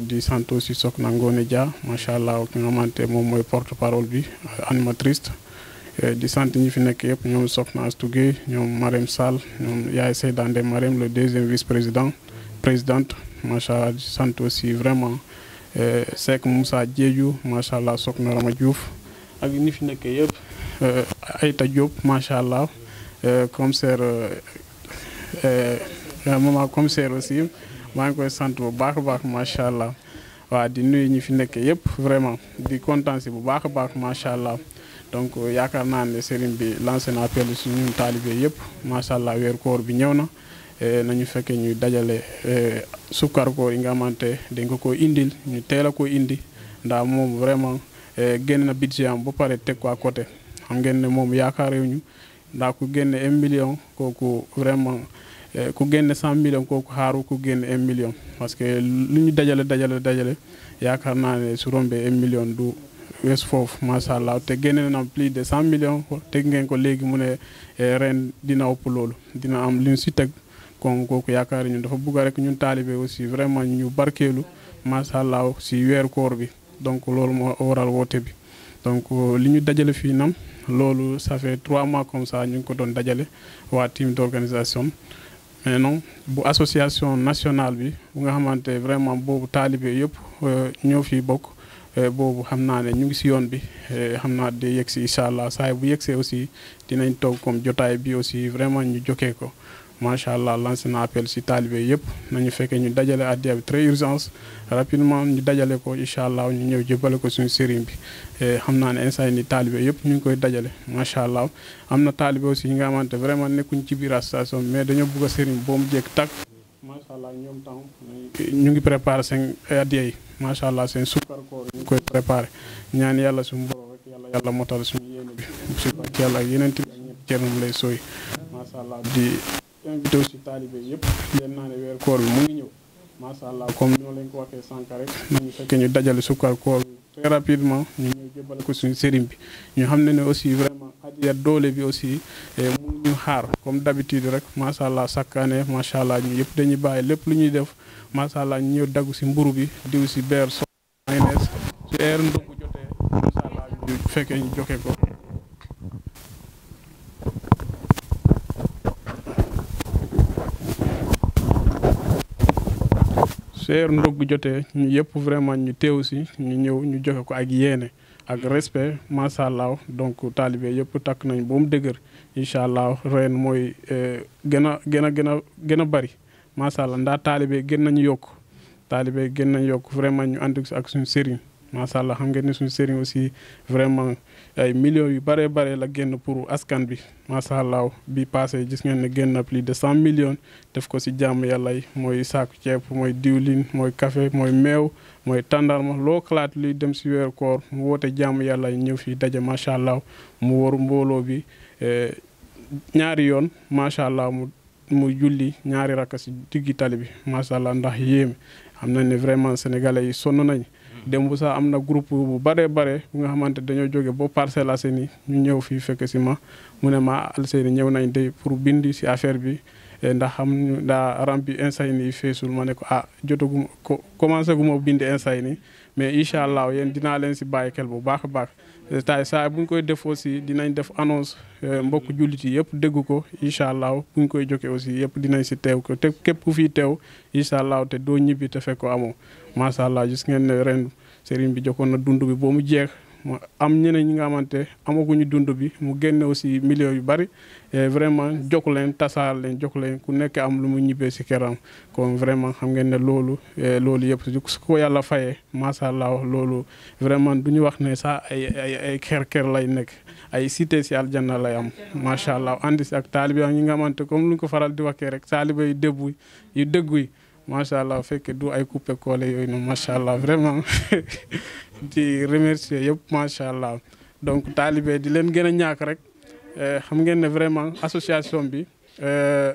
di sant aussi Sokhna Ngone Dia macha allah ki nga xamante moom mooy porte parole bi animatrice. Eh, di sant ñi fi nekk yëpp ñoom Sokhna Astou Guèye ñoom Marème Sall ñoom Yaay Seydande Marème le deuxième vice-président présidente macha allah di sant aussi vraiment eh, Seck Moussa Diédiou macha allah Sokhna Rama Diouf ak ñi fi nekk yëpp eh, Aïta macha allah commissaire maman commissaire aussi maa ngi koy sant bu baax a baax macha allah waa di nuyu ñi fi nekk yëpp vraiment di kontaan bu baax a baax macha allah. donc yaakaar naa ne sëriñ bi lancé naa appel su ñun taalibe yëpp macha allah weer koor bi ñëw na eh, na ñu fekkee ñu dajale eh, sukkar koor yi nga xamante dañ ko ko indil ñu teel a ko indi ndax moom vraiment eh, génn na budget am ba pare teg ko à côté xam ngeen moom yaakaarewu ñu ndax ku génne un million kooku vraiment ku génne cent million kooku xaaru ku génne un million parce que lu ñu dajale dajale dajale yaakaar naa ne su rombee million du weesu foofu macha allah te génne na plus de cent millions teg ngeen ko léegi mu ne eh, ren dina ëpp loolu dina am li ñu si teg kon kooku yaakaar ñun dafa bugg rek ñun taalibe aussi vraiment ñu barkeelu macha allah si weeru koor bi donc loolu moo waral woote bi. donc eh, li ñu dajale fii nam loolu ça fait trois mois comme ça ñu ngi ko doon dajale waa team d'organisation mais non bu association national bi bu nga xamante vraiment boobu taalibe yëpp eh, ñoo fi bokk. Eh, boobu xam naa ne ñu ngi si yoon bi eh, xam naa di yegg si incha allah saa bu yegsee aussi dinañ toog comme jotaay bi aussi vraiment ñu jokkee ko macha allah lancé na appel si taalibe yëpp nañu fekkee ñu dajale addiya bi très urgence rapidement ñu dajale ko incha allah ñu ñëw jëbale ko suñu sëriñ bi eh, xam naa ne instant ni taalibe yëpp ñu ngi koy dajale macha allah am na taalibe aussi yi nga xamante vraiment nekkuñ ci biir station mais dañoo bugg a sëriñ boo mu macha allah ñoom tam ñu ngi préparé seen addiya yi macha allah seen sukkar koor ñu ngi koy préparé ñaan yàlla suñu borom rek yàlla yàlla motal suñu yéene bi si barke yàlla ak yeneen tamit ak ñëpp Thierno Mouleye di invité aussi taalibe yëpp yéen naa ne weer koor mu ngi ñëw macha allah comme ni ma leen ko waxee sànq ñu dajale sukkar koor bi rapidement ñu ñëw jëbale ko suñu sëriñ bi ñu xam ne ne aussi vraiment waajal doole bi aussi mu ñu xaar comme d'habitude rek macha allah chaque année macha allah ñu yëpp dañuy bàyyi lépp lu ñuy def macha allah ñu ñëw daggu si mburu bi diw si beer so mayonnaise su eer ndugg jotee allah ñu fekkee ñu joxe ko su eer ndugg yëpp vraiment ñu teew si ñu ñëw ñu joxe ko ak yéene ak respect macha allah donc taalibe yëpp takk nañ ba mu dëgër incha allah ren mooy eh, gën a gën a gën a gën a bëri macha allah ndaa taalibe gën nañu yokk taalibe gën nañu yokk vraiment ñu ànd ak suñu sëriñ macha allah xam ngeen ne suñu sëriñ aussi vraiment. ay millions yu bare bare la génn pour askan bi macha allah bi passé gis ngeen ne génn na plus de cent millions def ko si jàmm yàlla mooy saaku ceeb mooy diwlin mooy kafe mooy meew mooy tàndarma loo kalaat luy dem ci weeru koor mu woote jàmm yàlla ñëw fii daje macha allah mu waru mbooloo bi eh, ñaari yoon macha allah mu mu julli ñaari rakk ci diggi tali bi macha allah ndax yéem am na ne vraiment sénégalais yi sonn nañ démb sax am na groupe bu bare bare bu nga xamante dañoo jóge ba Parcelles Assainies ñu ñëw fii fekk si ma mu ne ma Alseyni ñëw nañ tey pour bindi si affaire bi eh, ndax xam ñu daa rampi insayni yi feesul ma ne ko ah jotaguma ko commencé guma bindi insayni mais incha allah yéen dinaa leen si bàyyi xel bu baax a baax eh, tay saa bu ñu koy def aussi dinañ def annonce eh, mbokk jullit yi yëpp dégg ko incha allah bu ñu koy jóge aussi yëpp dinañ si teew ko te képp ku fi teew incha alla te doo ñibbi te ko amoo macha allah gis ngeen ne ren sëriñ bi jokkoon na dund bi boo mu jeex mu am ñeneen ñi nga xamante amaguñu dund bi mu génne aussi millions yu bari et vraiment jokk leen tasaar leen jokk leen ku nekk am lu mu ñibbee si këram kon vraiment xam ne loolu eh, loolu yëpp su ko yàlla fayee macha allah loolu vraiment du ñu wax ne sax ay ay ay kër kër lay nekk ay cité si aljanna lay am macha allah ànd si ak taalibe yi ñi nga xamante comme lu ñu ko faral di waxee rek taalibe yu dëbbu yu dëggu yi macha allah fekk du ay coupé collé yooyu noonu macha allah vraiment di remercier yëpp macha allah donc taalibe di leen gën a ñàkk rek eh, xam ngeen ne vraiment association bi eh,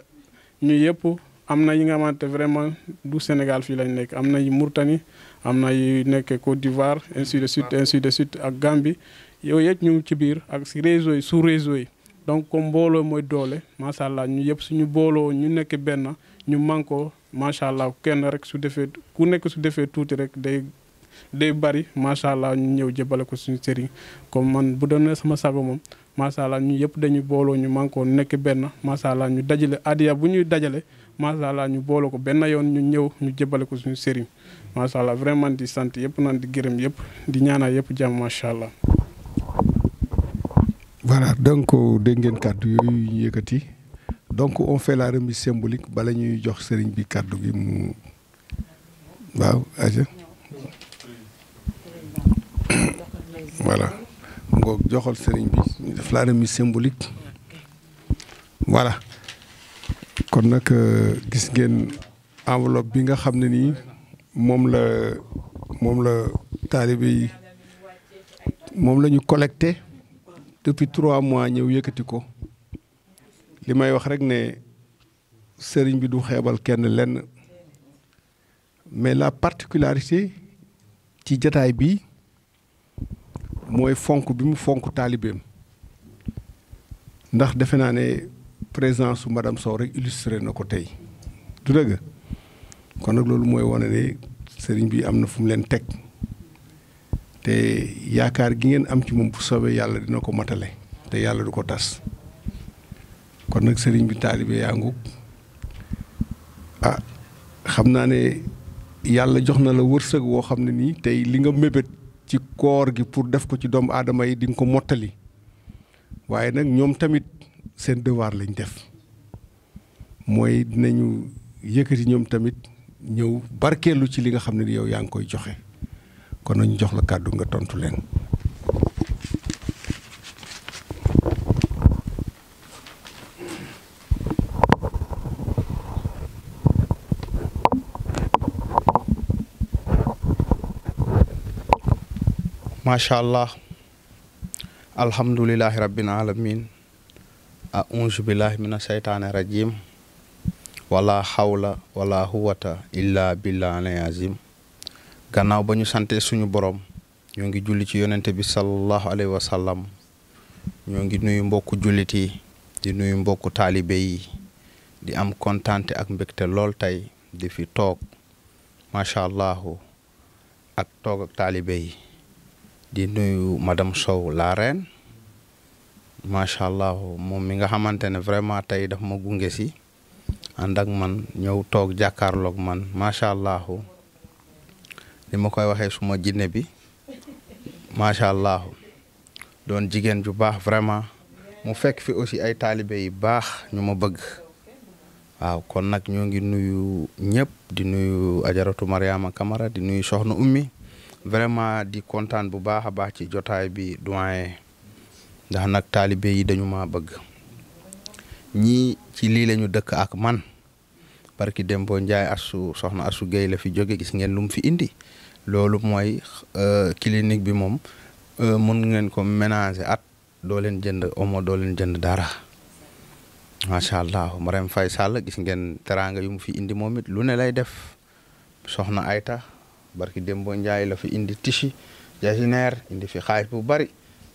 ñu yëpp am na yi nga xamante vraiment du Sénégal fii lañ nekk am na yu Mauritanie am na yu nekk Côte d'Ivoire ainsi de suite ainsi de suite ak gambi yooyu yëpp ñu ngi ci biir ak si réseau yi sous réseau yi donc comme mbooloo mooy doole macha allah ñu yëpp suñu booloo ñu nekk benn ñu mànkoo macha allah kenn rek su defee ku nekk su defee tuuti rek day day bari macha allah ñu ñëw jëbale ko suñu sëriñ comme man bu doon sama sago moom macha allah ñu yëpp dañu booloo ñu mànkoo nekk benn macha allah ñu dajale adiya bu ñuy dajale macha allah ñu booloo ko benn yoon ñu ñëw ñu jëbale ko suñu sëriñ macha allah vraiment di sant yëpp naan di gërëm yëpp di ñaanal yëpp jam macha allah. voilà donc dégg ngeen kàddu yooyu yëkkati. donc on fait mi remise symbolique bala ñuy jox sëriñ bi kàddu gi mu waaw aja voilà ngoog joxal sëriñ bi ñu def la symbolique voilà kon nag euh, gis ngeen enveloppe bi nga xam ne nii moom la moom la taalibe yi moom la ñu collecté depuis trois mois ñëw yëkkati ko li may wax rek ne sëriñ bi du xeebal kenn lenn mais la particularité ci jataay bi mooy fonk bi mu fonk taalibeem ndax defe naa ne présidence su madame Sow rek illustré na ko tey du dëgg kon nag loolu mooy wane ne sëriñ bi am na fu mu leen teg te yaakaar gi ngeen am ci moom bu soobee yàlla dina ko matale te yàlla du ko tas kon nag sëriñ bi taalibe yaa ngug ah xam naa ne yàlla jox na la wërsëg woo xam ne nii tey li nga mébét ci koor gi pour def ko ci doomu aadama yi di nga ko mottali waaye nag ñoom tamit seen devoir lañ def mooy dinañu yëkkati ñoom tamit ñëw barkeelu ci li nga xam ne yow yaa ngi koy joxe kon nañu jox la kàddu nga tontu leen. macha allah alhamdulilahi rabbil alamin a unju billahi mina seytaane rajim wala hawla wala huwata illa billahi azim gannaaw bañu ñu sante suñu borom ñoo ngi julli ci yonente bi salallahu alayhi wa sallam ñoo ngi nuyu mbokku jullit yi di nuyu mbokku taalibe di am kontante ak mbégte lool tey di fi toog macha allah ak toog ak di nuyu madame Sow la reine macha allah moom mi nga xamante ne vraiment tey daf ma gunge si ànd ak man ñëw toog jàkkaarloog man macha allah li ma koy waxee suma jinne bi macha allah doon jigéen ju baax vraiment mu fekk fi aussi ay taalibe yi baax ñu ma bëgg. waaw kon nag ñoo ngi nuyu ñëpp di nuyu ajaratu Mariama Camara di nuyu soxna ummi vraiment di kontaan bu baax a baax ci jotaay bi doyen ndax nag taalibe yi dañu ma bëgg ñii ci lii lañu dëkk ak man barki Dembo Ndiaye asu soxna asu Guèye la fi jóge gis ngeen lu mu fi indi loolu mooy euh, clinique bi moom euh, mun ngeen ko ménager at doo leen jënd omo doo leen jënd dara macha allah Marème Faye Sall gis ngeen teraanga yu mu fi indi moom it lu ne lay def soxna Ayta. barki Dembo Ndiaye la fi indi tichi jasinaire indi fi xaalis bu bari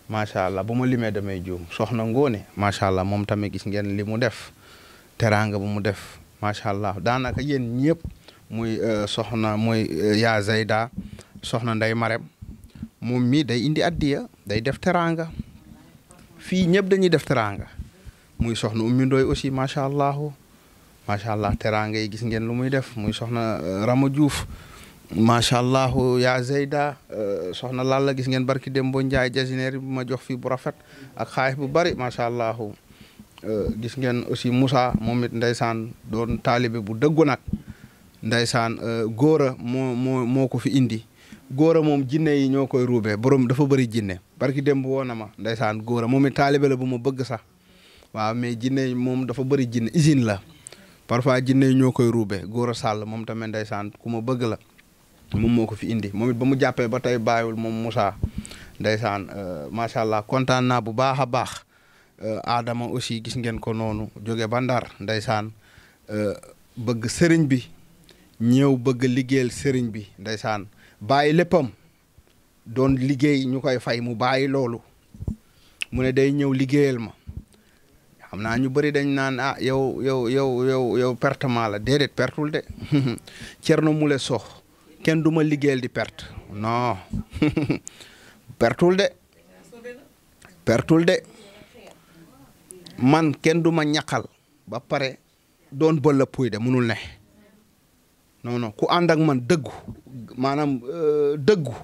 macha allah bu ma limee demee juum soxna ngoone macha allah moom tamit gis ngeen li def teraanga mu def macha allah daanaka yéen ñëpp muy euh, soxna muy euh, yaa soxna Ndey Marem moom mii day indi addiya day def teraanga fii ñëpp dañuy def teraanga muy soxna Oumy aussi macha allah macha allah teraanga yi gis ngeen lu muy def muy soxna euh, Rama Diouf. macha allah yaa Zeyda euh, soxna la gis ngeen barki Dembo Ndiaye jasineer bu ma jox fii bu rafet ak xaalis bu bari macha allah euh, gis ngeen aussi Moussa moom it ndeysaan doon taalibe bu dëggu nag ndeysaan euh, góora moo moo moo ko fi indi góora moom jinne yi ñoo koy ruube borom dafa bëri jinne barki Dembo woo na ma ndeysaan góora moom it taalibe la bu ma bëgg sax waaw mais jinne moom dafa bëri jinne usine la parfois jinne yi ñoo koy ruube góora sàll moom tamit ndeysaan ku ma bëgg la. moom moo ko fi indi moom it ba mu jàppee ba tey bàyyiwul moom Moussa ndeysaan euh, macha allah kontaan na bu baax a baax aadama euh, aussi gis ngeen ko noonu jóge ba Ndar ndeysaan euh, bëgg sëriñ bi ñëw bëgg liggéeyal sëriñ bi ndeysaan bàyyi léppam doon liggéey ñu koy fay mu bàyyi loolu mu ne day ñëw liggéeyal ma xam naa ñu bëri dañ naan ah yow yow yow yow yow pertement la déedéet pertul de Thierno mule Sow kenn du ma liggéeyal di perte non pertul de pertul de man kenn du ma ñaqal ba pare doon bëlla puy de munul ne non ku ànd ak man dëggu maanaam euh, dëggu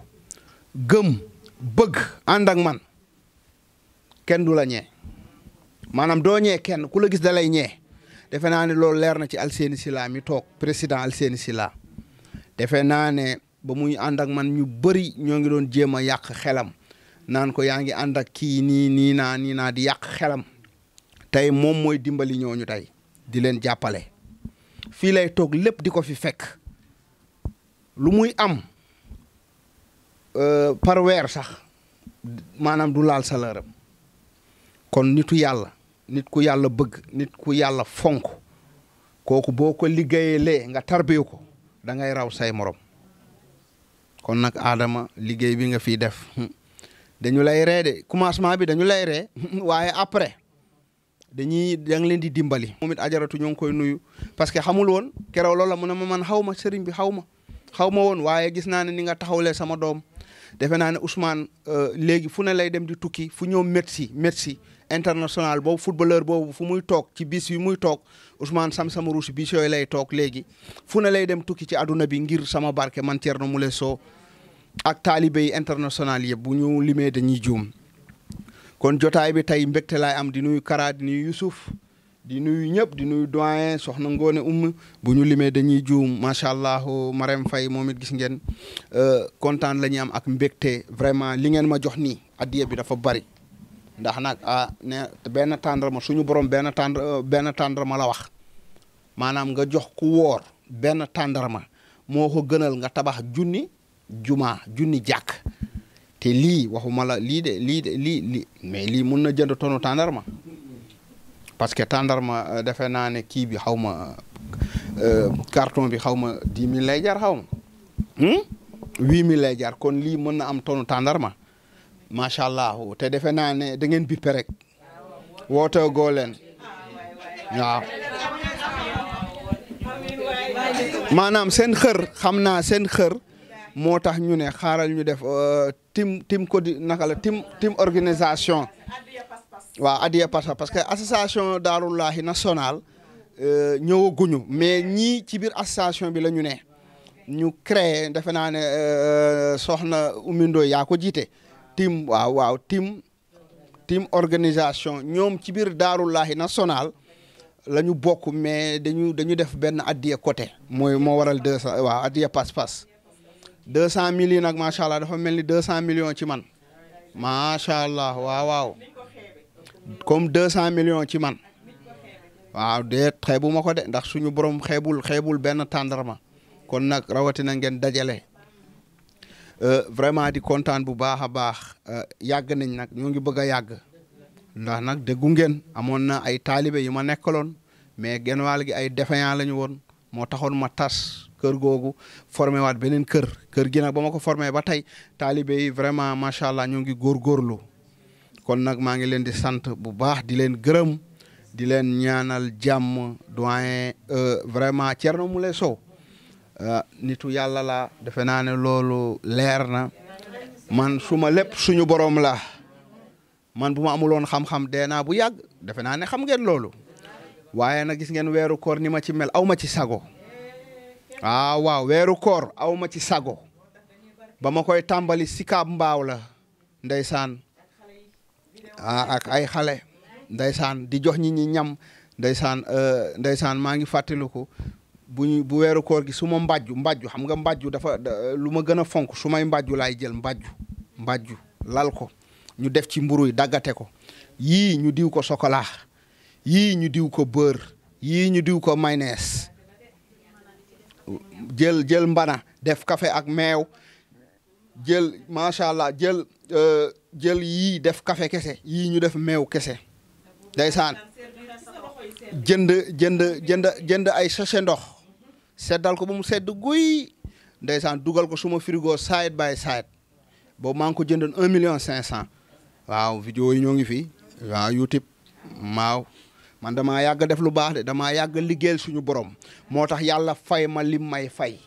gëm bëgg ànd man kenn du la ñee maanaam doo ñee kenn ku la gis da lay ñee defe naa ne loolu leer na ci Alseyni Sylla mi toog président Alseyni Sylla defe naa ne ba muy ànd ak man ñu bari ñoo ngi doon jéem a yàq xelam naan ko yaa ngi ànd ak kii nii nii naa nii naa di yàq xelam tey moom mooy dimbali ñooñu tey di leen jàppale fii lay toog lépp di ko fi fekk lu muy am euh, par weer sax maanaam du laal salaaram kon nitu yàlla nit ku yàlla bëgg nit ku yàlla fonk kooku boo ko liggéeyee lee nga tarbiyu ko da ngay raw say moroom kon nag Adama liggéey bi nga fiy def dañu lay ree de commencement bi dañu lay ree waaye après dañuy da nga leen di dimbali. moom it ajaratu ñoo ngi koy nuyu parce que xamul woon keroog loola mu ne ma man xaw ma sëriñ bi xaw ma xaw ma woon waaye gis naa ne ni nga taxawlee sama doom defe naa ne Ousmane euh, léegi fu ne lay dem di tukki fu ñëw Metsi Metsi international boobu footballeur boobu fu muy toog ci bis yi muy toog. Ousmane Sam Samarouchi bi yooyu lay toog léegi fu na lay dem tukki ci àdduna bi ngir sama barke man mu Moule Sow ak taalibe yi international yëpp bu ñu limee dañuy juum kon jotaay bi tey mbégte laay am di nuyu Kara di nuyu Youssouf di nuyu ñëpp di nuyu doyen soxna Ngone Umm bu ñu limee dañuy juum macha allah Marème fay moom it gis ngeen euh, kontaan la ñuy am ak mbégte vraiment li ngeen ma jox nii addiya bi dafa bari. ndax nag a ah, ne benn tàndarma suñu borom benn tànd benn tàndarma la wax maanaam nga jox ku woor benn tàndarma moo ko gënal nga tabax junni jumaa junni jàkk te lii waxuma la lii de lii de lii lii mun na jënd tonu tàndarma parce que tàndarma euh, defe naa ne kii bi xaw ma euh, carton bi xaw ma dix mille lay jar xaw ma hmm? huit mille lay jaar kon lii mën na am tonu tàndarma macha allah te defe naa ne da ngeen bippe rek wootoo waaw maanaam seen xër xam naa seen xër moo tax ñu ne xaaral ñu def euh, tim tim ko di naka tim tim organisation waaw adiya pasa parce que association daarullahi nationale euh, ñëwaguñu mais ñii ci biir association bi la ñu ne ñu créé defe naa ne euh, soxna Oumy Ndoye yaa ko jiite team waaw waaw team team organisation ñoom ci biir daarullahi national la ñu bokk mais dañu dañu def benn addiya côté mooy moo waral deux cent waaw addiya pas-pas deux cent mille yi nag macha allah dafa mel ni deux cent millions ci man macha allah waaw waaw comme deux cent millions ci man waaw de xeebu ma ko de ndax suñu borom xeebul xeebul benn tàndarma kon nag rawatina ngeen dajale Euh, vraiment di kontaan bu baax a baax euh, yàgg nañ nag ñoo ngi bëgg a yàgg ndax nag déggu ngeen amoon na ay taalibe yu ma nekkaloon mais genn wàll gi ay défaillant la ñu woon moo taxoon ma tas kër googu formé waat beneen kër kër gi nag ba ma ko formé ba tey taalibe yi vraiment macha allah ñoo ngi góorgóorlu kon nag maa ngi leen di sant bu baax di leen gërëm di leen ñaanal jàmm doyen euh, vraiment Thierno Moule Sow Ah, nitu yàlla laa defe naa ne loolu leer na man suma ma lépp suñu boroom la man bu ma amuloon xam-xam dee naa bu yàgg defe naa ne xam ngeen loolu waaye na gis ngeen weeru koor ni ma ci mel aw ma ci sago ah waaw weeru aw ma ci sago ba ma koy tàmbali sikaab mbaaw la ndeysaan ah ak ay xale ndeysaan di jox ñi ñi ñam ndeysaan euh, ndeysaan maa ngi fàttaliku bu ñu bu weeru koor gi suma ma mbàjju mbàjju xam nga mbàjju dafa lu ma gën a fonk sumay may mbàjju laay jël mbàjju mbàjju lal ko ñu def ci mburu yi daggate ko yii ñu diw ko chocolat yii ñu diw ko bër yii ñu diw ko maynees jël jël mbana def kafe ak meew jël macha allah jël euh, jël yii def café kese yii ñu def meew kese ndeysaan jënd jënd jënd jënd ay sachet ndox seddal ko ba mu sedd guy ndeysaan dugal ko suma frigo side by side boobu maa ko jëndoon un million cinq cent waaw vidéo yi ñoo ngi fi waaw youtube man dama yàgg def lu baax de damaa yàgg liggéeyal suñu borom moo tax yàlla fay ma lim may fay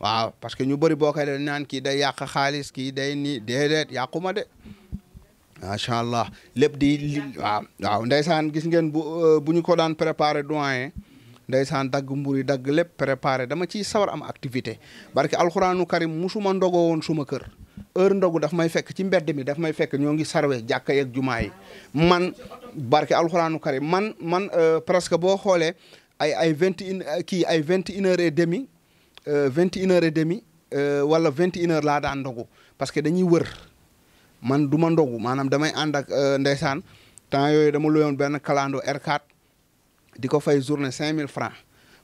waaw parce que ñu bëri boo koy def naan kii day yàq xaalis kii day nii déedéet yàqu ma de macha allah lépp di waaw waaw ndeysaan gis ngeen bu euh, bu ñu ko daan préparé doyen ndeysaan dagg mbur dagg lépp préparé dama ciy sawar am activité barke alxuraanu karim musuma ndogoo woon suma kër heure ndogu daf may fekk ci mbedd mi daf may fekk ñoo ngi sarwe jàkka yeeg jumaa yi man barke alxuraanu karim man man euh, presque boo xoolee ay ay vingt une euh, kii ay vingt une heure et demi euh, vingt une heure et demi wala vingt une heure laa daan ndogu parce que dañuy wër man du ma ndogu maanaam damay ànd ak ndeysaan temps yooyu dama luyoon benn kalando R4 di ko fay journée cinq mille francs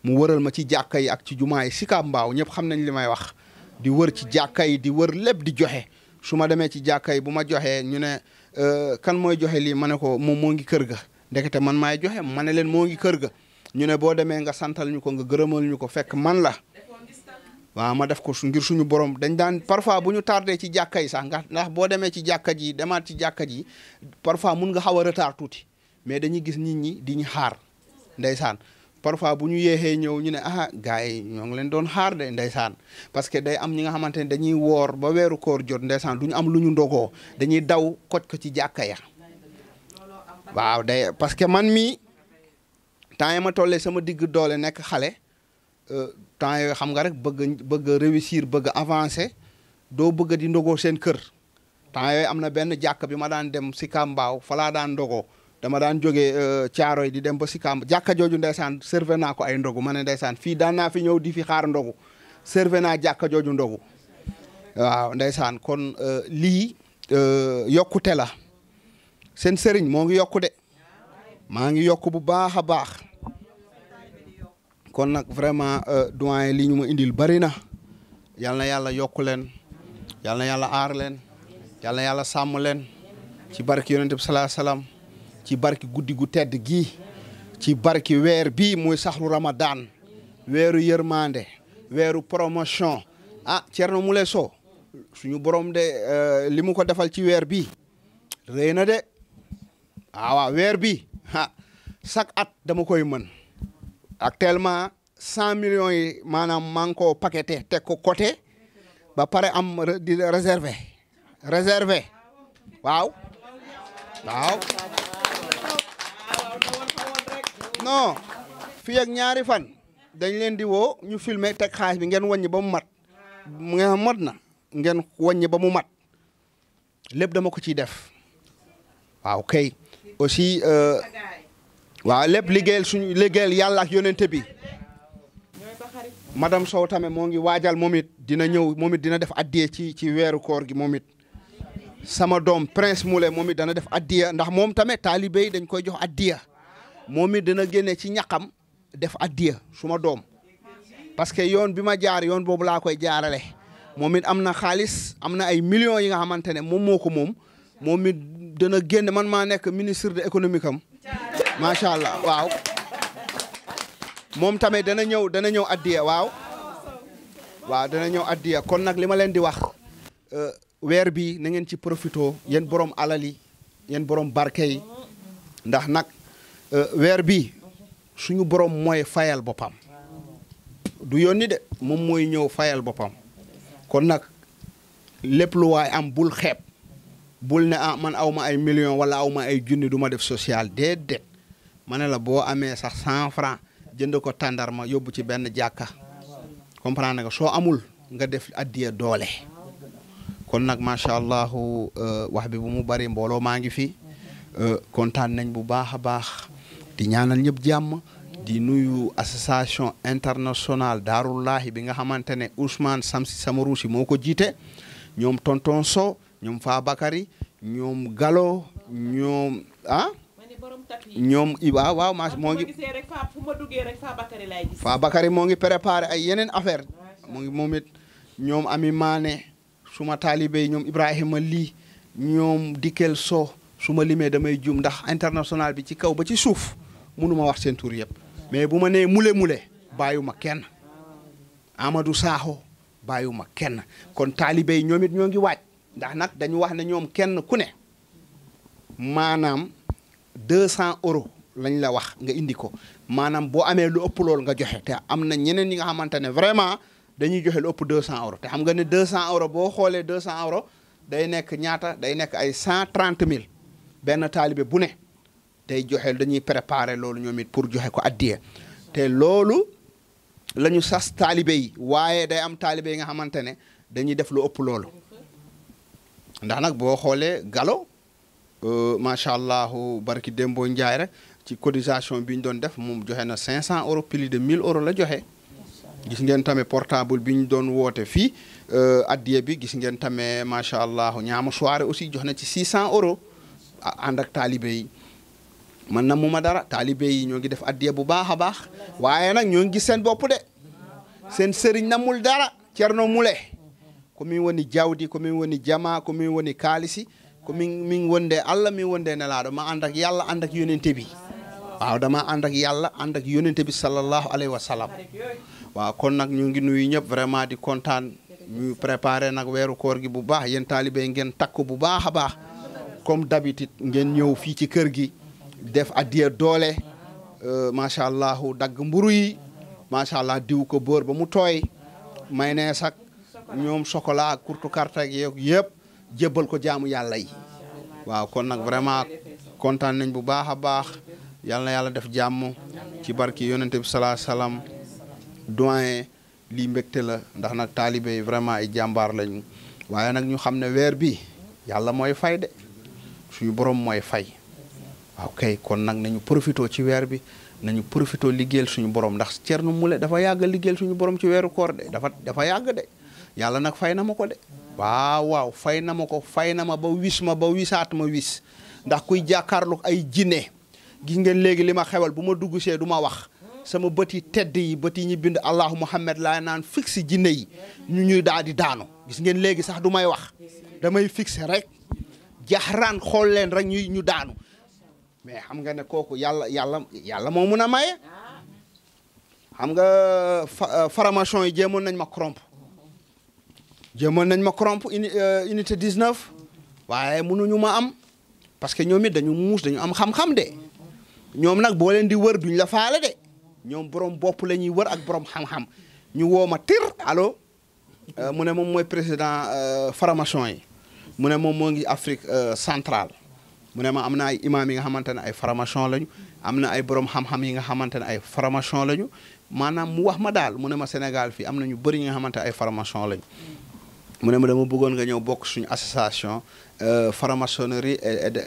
mu wëral ma ci jàkka yi ak ci jumaa yi Sicap Mbao ñëpp xam nañ li may wax di wër ci jàkka yi di wër lépp di joxe su ma demee ci jàkka yi bu ma joxee ñu ne euh, kan mooy joxe lii ma ne ko moom moo ngi kër ga ndekete man maay joxe ma ne leen moo ngi kër ga ñu ne boo demee nga santal ñu ko nga gërëmal ñu ko fekk man la waaw ma def ko ngir suñu borom dañ daan parfois bu ñu tardé ci jàkka yi sax ndax boo demee ci jàkka ji demaat ci jàkka ji parfois mun nga xaw a retard tuuti mais dañuy gis nit ñi di ñu xaar ndeysaan parfois bu ñu yéexee ñëw ñu ne ah gars yi ñoo ngi leen doon xaar de ndeysaan parce que day am ñi nga xamante ne dañuy woor ba weeru koor jot ndeysaan du ñu am lu ñu ndogoo dañuy daw koj ko ci jàkka ya waaw day parce que man mii temps yi ma tollee sama digg doole nekk xale euh, temps yooyu xam nga rek bëgg bëgg réussir bëgg avancé doo bëgg di ndogoo seen kër temps yooyu am na benn jàkk bi ma daan dem si Kambaaw fa laa daan ndogoo dama daan jógee euh, Caaroy di dem ba Sicap jàkka jooju ndeysaan serve naa ko ay ndogu ma ne ndeysaan fii daan fi ñëw di fi xaar ndogu serve naa jàkka jooju ndogu waaw ndeysaan kon euh, lii euh, yokkute la seen sëriñ moo ngi yokku de maa ngi yokk bu baax a baax kon nag vraiment doyen li ñu ma indil bari na yal yàlla yokku leen yal na yàlla aar leen yal na yàlla sàmm leen ci barke yonent bi salaa salaam ci barki guddi gu tedd gii ci barki weer bii muy saxlu Ramadan weeru yërmande weeru promotion ah Thierno Moule Sow suñu borom de euh, li mu ko defal ci weer bi rëy na de ah, waaw weer bii ah chaque at dama koy mën actuellement cent millions yi maanaam maa ngi koo paqueté teg ko côté ba pare am di réservé réservé waaw waaw non fii ñaari fan dañ leen di woo ñu filmer teg xaalis bi ngeen wàññi ba mu mat mu nga mat na ngeen wàññi ba mu mat lépp dama ko ciy def waaw kay aussi euh, waaw lépp liggéeyal suñu liggéeyal yàlla ak yonente bi madame Sow tamit moo ngi waajal moom it dina ñëw moom it dina def addiye ci ci weeru koor gi moom it sama doom prince Moule moom it dana def addiya ndax moom tamit taalibe yi dañ koy jox addiya moom it dana génne ci ñaqam def addiya suma doom parce que yoon bi ma jaar yoon boobu laa koy jaarale moom it am na xaalis am na ay millions yi nga xamante ne moom moo ko moom moom it dana génn man maa nekk ministre de économique am macha allah waaw moom tamit dana ñëw dana ñëw addiya waaw waaw dana ñëw addiya kon nag li ma leen di wax euh, weer bi na ngeen ci profito yéen borom alal yi yéen borom barke yi ndax nag Euh, weer bi suñu borom mooy fayal boppam du yónni de moom mooy ñëw fayal boppam kon nag lépp lu waay am bul xeeb bul ne a ah, man aw ma ay million wala aw ma ay junni du ma def social déedéet ma ne la boo amee sax cent franc jënd ko tàndarma yóbbu ci benn jàkka comprendre ga soo amul nga def addiya doole kon nag macha allah euh, wax bi bu mu bari mbooloo maa ngi fi euh, kontaan nañ bu baax baax di ñaanal ñëpp jàmm di nuyu association internationale daarullahi bi nga xamante ne Ousmane Samsi Samarousi moo ko jiite ñoom tonton Sow ñoom Fabakary ñoom Gallo ñoom ah ñoom Iba waaw maa moo ngi moo ngi préparé ay yeneen affaire moo ngi moom it ñoom Ami Mané suma taalibe yi ñoom Ibrahima Ly ñoom Dikel soo su ma limee damay juum ndax international bi ci kaw ba ci suuf mënuma wax seen tur yëpp mais bu ma nee mule mule bàyyiwuma kenn Amadou Sakho bàyyiwuma kenn kon taalibe yi ñoom it ñoo ngi waaj ndax nag dañu wax ne ñoom kenn ku ne maanaam 200 euros lañu la wax nga indi ko maanaam boo amee lu ëpp loolu nga joxe te am na ñeneen ñi nga xamante ne vraiment dañuy joxe lu ëpp 200 euro te xam nga ne 200 euros boo xoolee 200 euros day nekk ñaata day nekk ay 130 mille benn taalibe bu ne. tey joxe dañuy préparer loolu ñoom it pour joxe ko addiya te loolu la ñu sas taalibe yi waaye day am taalibe yi nga xamante ne dañuy def lu ëpp loolu ndax nag boo xoolee galo euh, macha allah barki demboo Ndiaye rek ci cotisation bi ñu doon def moom joxe na 500 euros plus de 1000 euros la joxe. gis ngeen tamit portable bi ñu doon woote fii euh, addiya bi gis ngeen tamit macha allah ñaama soire aussi jox na ci 600 euros ànd ak taalibe yi. man na mu ma dara taalibe yi ñoo ngi def addiya bu baax a baax waaye nag ñoo ngi gis seen bopp de seen sëriñ namul dara Cerno Mule ko min woni jawdi ko min woni jama ko min woni kaalisi ko min min wonde allah min wonde nelaaɗo ma ànd ak yàlla ànd ak yonente bi waaw dama ànd ak yàlla ànd ak yonente bi sallallahu alayhi wa sallam waaw kon nag ñu ngi nuyu ñëpp vraiment di kontaan ñu préparé nag weeru koor gi bu baax yéen taalibe ngeen takk bu baax a baax comme d'habitude ngeen ñëw fii ci kër gi def addiya doole euh, macha allah dagg mburu yi macha allah diw ko boor ba mu tooy may ne ak ñoom chocolat ak kurtu carte ak yëpp jébbal ko jaamu yàlla yi waaw kon nag vraiment kontaan nañ bu baax a baax yàlla yàlla def jàmm ci barki yonente bi salaa salaam doyen lii mbégte la ndax nag taalibe yi vraiment ay jàmbaar lañu waaye nag ñu xam ne weer bi yàlla mooy fay de suñu borom mooy fay waaw ah, kay kon nag nañu profité ci weer bi nañu profité liggéeyal suñu borom ndax mu Moule dafa yàgg liggéeyal suñu borom ci weeru koor de dafa dafa yàgg de yàlla nag fay na ma ko de waaw waaw fay na ma ko fay na ma ba wis ma ba wisaat ma wis ndax kuy jàkkaarlu ay jinne gis ngeen léegi li ma xewal bu ma dugg see du ma wax sama bët yi tedd yi bët yi ñu bind allahu muhammad laa naan fixe jinne yi ñu ñuy daal di daanu gis ngeen léegi sax du may wax damay fixe rek jaxraan xool leen rek ñuy ñu daanu mais xam nga ne kooku yàlla yàlla yàlla moo mun a maye. xam nga formation euh, yi jéemoon nañ ma corrompre jéemoon nañ ma corrompre euh, unité 19 waaye mënuñu ma am parce que ñoom it dañu muus dañu am xam-xam de ñoom nag boo leen di wër duñ la faale de ñoom borom bopp la ñuy wër ak borom xam-xam ñu woo ma tir allo euh, mu ne moom mooy président formation yi mu ne moom moo ngi Afrique central mu ne ma am na ay imaam nga xamante ne ay formation lañu am na ay borom xam-xam yi nga xamante ne ay formation lañu maanaam mu wax ma daal mu ne ma Sénégal fii am na ñu bëri ñi nga xamante ay formation lañu. mu ne ma dama bëggoon nga ñëw bokk suñu association euh, franc-maçonnerie et de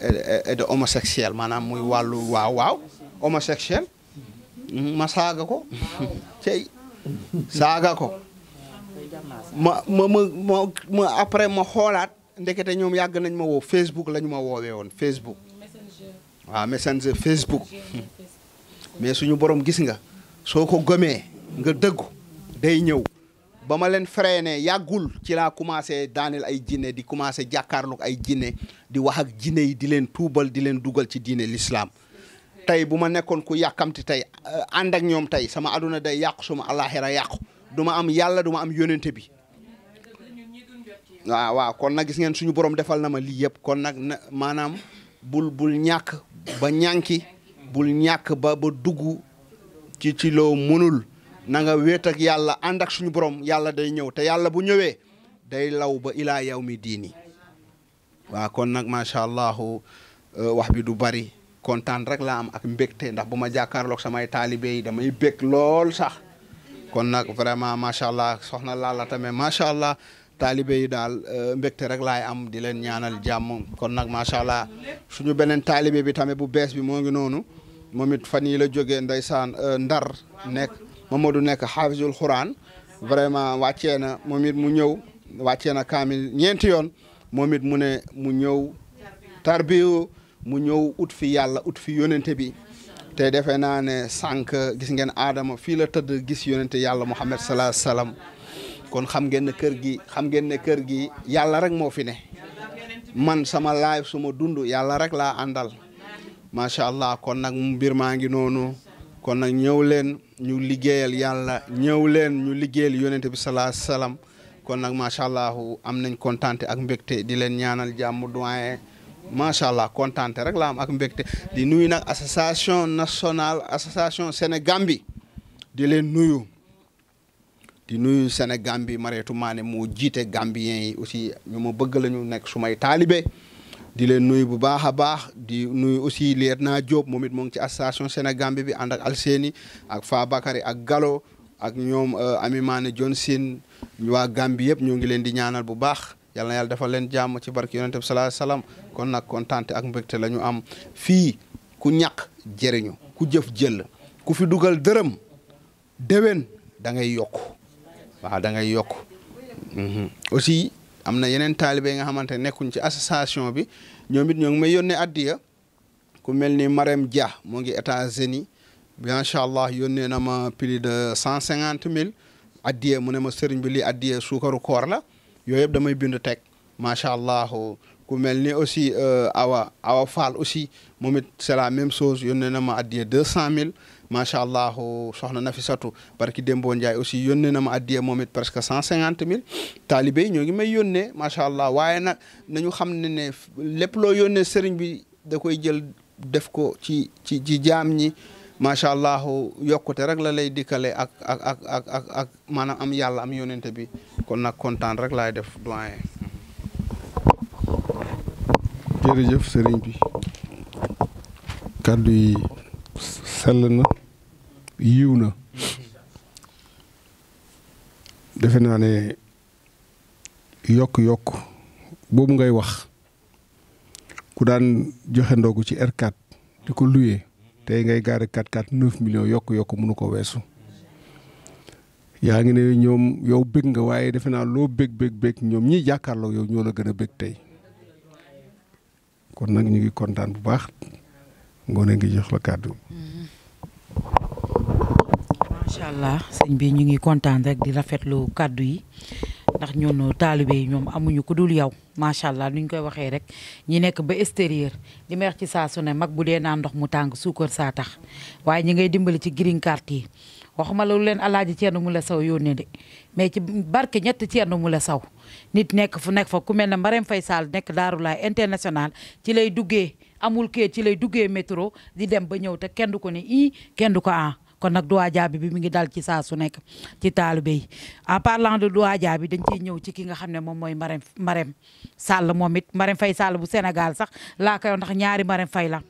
et de homosexuel maanaam muy wàllu waaw waaw homosexuel hmm, ma saaga ko cey saaga ko ma ma ma ma après ma xoolaat ndekete ñoom yàgg nañ ma woo Facebook lañ ma woowee woon Facebook. waaw messenger Facebook. mais suñu borom gis nga soo ko gëmee nga dëggu day ñëw. ba ma leen freiné yàggul ci laa commencé daaneel ay jinne di commencé jàkkaarloog ay jinne di wax ak jinne yi di leen tuubal di leen dugal ci diine l'islam tey bu ma nekkoon ku yàkkamti tey ànd ak ñoom tey sama aduna day yàqu suma alaxira yàqu du ma am yàlla du ma am yónente bi waaw kon nag gis ngeen suñu borom defal na ma lii yëpp kon nag na maanaam bul bul ñàkk ba ñànki bul ñàkk ba ba dugg ci ci loo munul na nga wéet ak yàlla ànd ak suñu borom yàlla day ñëw te yàlla bu ñëwee day law ba ilaa yow mi diini waaw kon nag macha allah euh, wax bi du bari kontaan rek laa am ak mbégte ndax bu ma jàkkaarloog samay taalibe damay bég lool sax kon nag vraiment macha allah soxna Lalla tamit macha allah. taalibe yi daal euh, mbégte rek laay am di leen ñaanal jàmm kon nag macha allah suñu beneen taalibe bi tamit bu bees bi moo ngi noonu moom it fan yii la saan ndeysaan euh, ndar nekk du nekk xaafisul xuraan vraiment wàccee na moom mu ñëw wàccee na kaamil ñeenti yoon moom mu ne mu ñëw tarbiyo mu ñëw ut fi yàlla ut fi yonente bi te defee naa ne sànq gis ngeen aadama fii la tëdd gis yonente yàlla Muhammad salaa salaam kon xam ngeen ne kër gi xam ngeen ne kër gi yàlla rek moo fi ne man sama live suma dund yàlla rek laa àndal macha allah kon nag mbir maa ngi noonu kon nag ñëw leen ñu liggéeyal yàlla ñëw leen ñu liggéeyal yonent bi salaa salaam kon nag macha allah am nañ kontaante ak mbégte di leen ñaanal jàmm doyen macha allah kontaante rek laa am ak mbégte di nuyu nag association nationale association Sénégambie di leen nuyu. di nuyu Sénégambi tu Maane moo jiite Gambien yi aussi ñu ma bëgg la ñu nekk su may taalibe di leen nuyu bu baax a baax di nuyu aussi naa Diop moom it moo ngi ci association Sénégambi bi ànd ak Alseeni ak Fa Bakari ak galo ak ñoom euh, Ami Maane Johnson waa Gambi yëpp ñoo ngi leen di ñaanal bu baax yàlla na yàlla defal leen jàmm ci barki yonente bi salaa salaam kon nag kontaante ak mbégte la ñu am fii ku ñàkk jëriñu ku jëf jël ku fi dugal dërëm déwén waaw da ngay yokk mhm. aussi am na yeneen taalibe nga xamante nekkuñ ci association bi ñoom it ñoo ngi may yónnee addiya ku mel ni Marème Dia moo ngi États-Unis macha allah yónnee na ma plus de cent cinquante mille addiya mu ne ma sëriñ bi lii addiya suukaru koor la yooyu yëpp damay bind teg macha allah ku mel ni aussi euh, Awa Awa Fall aussi moom it c'est la même chose yónnee na ma addiya deux cent mille macha allah soxna Nafisatu barki Dembo Ndiaye aussi yónnee na ma addiya moom it presque cent cinquante mille taalibe yi ñoo ngi may yónnee macha allah waaye nag nañu xam ne ne lépp loo yónnee sëriñ bi da koy jël def ko ci ci ci jaam ñi macha allah yokkute rek la lay dikkale ak ak ak maanaam am yàlla am yónnente bi kon nag kontaan rek laay def doyen. jërëjëf sëriñ bi kàddu yi na. yiw na defe naa ne yokk-yokk boobu ngay wax ku daan joxe ndogu ci R4 di ko luye tey ngay gaare 4 4 9 millions yokk-yokk mënu ko weesu yaa ngi ne ñoom yow bëgg nga waaye defe naa loo bëgg bëgg ñoom ñi jàkkaarloo yow ñoo la gën a bég tey kon nag ñu ngi kontaan bu baax ngoone ngi jox la kàddu mm-hmm. allah sëñ bi ñu ngi kontaan rek di rafetlu kàddu yi ndax ñun taalibe yi ñoom amuñu ku dul yow macha allah nuñ koy waxee rek ñi nekk ba extérieur li may ci saa su ne mag bu dee naan ndox mu tàng suukar saa tax waaye ñi ngay dimbali ci green card yi waxuma la lu leen alaaji Thierno Moule Sow yónnee de mais ci barke ñett Thierno la saw nit nekk fu nekk fa ku mel ne Marème fay saal nekk Daaru Laay international ci lay duggee amul kee ci lay duggee métro kon nag duwaa jaabi bi mi ngi daal ci saa su nekk ci taalu yi en parlant du duwaa jaabi dañ ciy ñëw ci kii nga xam ne moom mooy Marème Marème Sall moom it Marème fay Sall bu Sénégal sax laa koy ndax ñaari Marème Faye la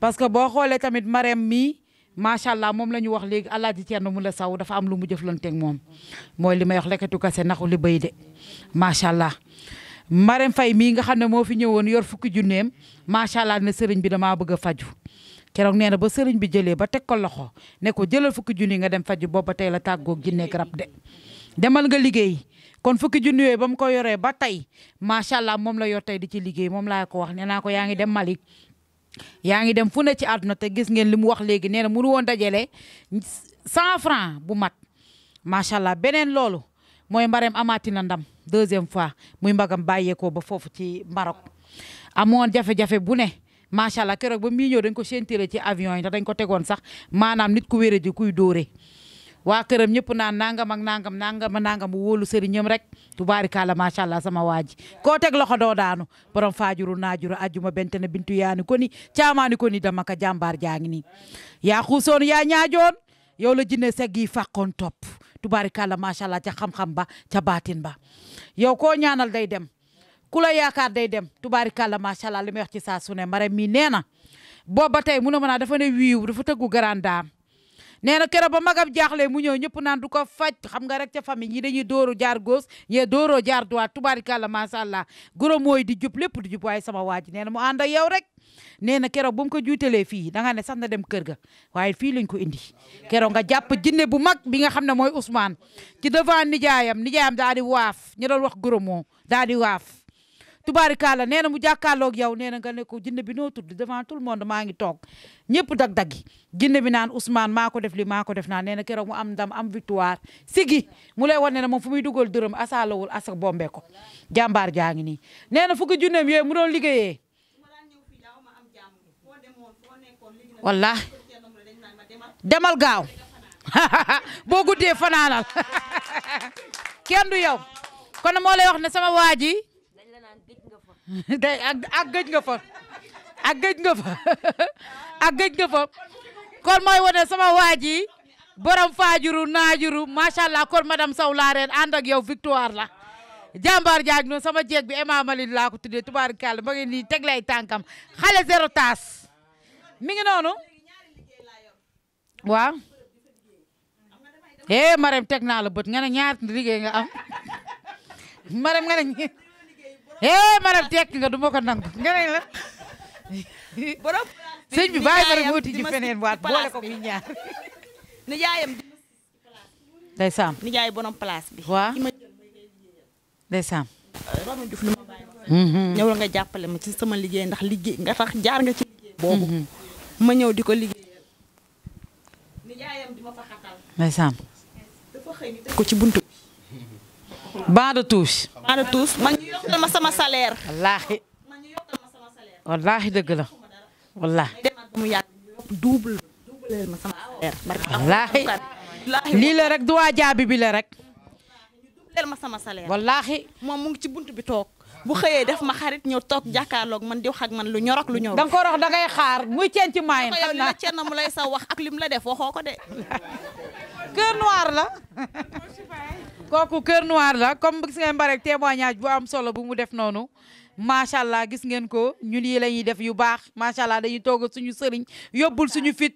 parce que boo xoolee tamit Marème mii macha allah moom la ñu wax léegi alaaji Thierno mu la saw dafa am lu mu jëflanteeg moom mooy li may wax lekkatu kase naxu li bay de macha allah Marème fay mii nga xam ne moo fi ñëwoon yor fukki ju neem macha allah ne sëriñ bi damaa bëgg a faju keroog nee na ba sëriñ bi jëlee ba teg ko loxo ne ko jëlal fukki junni nga dem boob ba tey la tàggoog jinne garab de demal nga liggéey kon fukki junni yooyu ba mu ko yoree ba tey macha allah moom la yor tey di ci liggéey moom laa ko wax nee naa ko yaa ngi dem Malick yaa ngi dem fu ne ci àdduna te gis ngeen li mu wax léegi nee na mënu woon dajale cent franc bu mat macha allah beneen loolu mooy mbareem amaati na ndam deuxième fois muy mbagam bàyyeekoo ba foofu ci Maroc amoon jafe bu ne macha allah keroog ba muy ñëw dañ ko séentire ci avion yi ndax dañ ko tegoon sax maanaam nit ku wére ji kuy dóore waa këram ñëpp naan nangam ak nangam nangam ak nangam bu wóolu sëriñam rek tubaarikàlla macha allah sama waaji ji koo teg loxo doo daanu borom faajuru naajuru ajjuma bente na bintu yaani ko ni caamaani ko ni dama ka jàmbaar jaa ngi nii yaa xuusoon yaa ñaajoon yow la jine sa gi fàqoon topp tubaarikàlla macha allah ca xam-xam ba ca baatin ba yow koo ñaanal day dem ku la yaakaar day dem tubaarikàlla macha allah li may wax ci saa su ne mare mii nee na boobu ba tey mu ne ma naa dafa ne wiiw dafa tëggu grande dame nee na keroog ba magam jaaxle mu ñëw ñëpp naan du ko faj xam nga rek ca famille ñi dañuy dóoru jaar gauche ñee dóoroo jaar droite tubaarikàlla macha allah goro mooy di jub lépp di jub waaye sama waa ji nee na mu ànd yow rek nee na keroog bu mu ko juutalee fii da nga ne sax na dem kër ga waaye fii lañ ko indi keroog nga jàpp jinne bu mag bi nga xam ne mooy Ousmane ci devant nijaayam nijaayam daa di waaf ñu doon wax goro moo daa di waaf tubaarikàlla nee na mu jàkkaarloog yow nee na nga ne jinne bi noo tudd devant tout le monde maa ngi toog ñëpp dag-daggi jinne bi naan Ousmane maa ko def li maa ko def naa nee na keroog mu am ndam am victoire sigi mu lay wan ne moom fu muy dugal dërëm asaalawul asa bombe ko jàmbaar jaa ngi nii nee na fukki junneem yooyu mu doon liggéeyee walla demal gaaw boo guddee fanaanal kenn du yow moo lay wax ne sama waa day ak gëj nga fa ak gëj nga fa ak kon mooy wane sama waa ji borom faajuru naajuru macha allah kon madame Sow laa reen ànd ak yow victoire la jàmbaar jaaj noonu sama jeeg bi Ema Mali laa ko tubaar tubaarkàlla ba ngeen nii ay lay tànkam xale zéro taas mi ngi noonu waaw. eh teg naa la bët nga ne ñaar liggéey nga am Marème nga ne. eh maanaam tekki nga du ko nangu nga ne la. borom. sëñ bi waat boole ko muy ñaar. nijaayam. ndeysaan. nijaay borom place bi. waaw ndeysaan. Ramou Diouf nu ma bàyyi. Mhm. nga jàppale ma ci sama liggéey ndax liggéey nga tax jaar nga ci boobu. Mhm. ma ñëw di ko liggéey. nijaayam di ko ci buntu ban de touche. ban ma sama saleer wallaahi. man ñu wallaahi dëgg la. wallaahi. double. doubleel lii la rek duwaa jaabi bi la rek. ma sama salaire. wallaahi. moom mu ngi ci bunt bi toog. bu xëyee def ma xarit ñëw toog jàkkaarloog man di wax ak man lu ñorok lu ñorok. da nga ko xaar muy ceen ci maayin. xam naa ceen mu lay sa wax ak lim la def waxoo ko de. Cœur noir la. kooku kër Noir la comme gis ngeen ba rek témoignage am solo bu mu def noonu macha allah gis ngeen ko ñun yi la ñuy def yu baax macha allah dañuy toog suñu sëriñ yóbbul suñu fit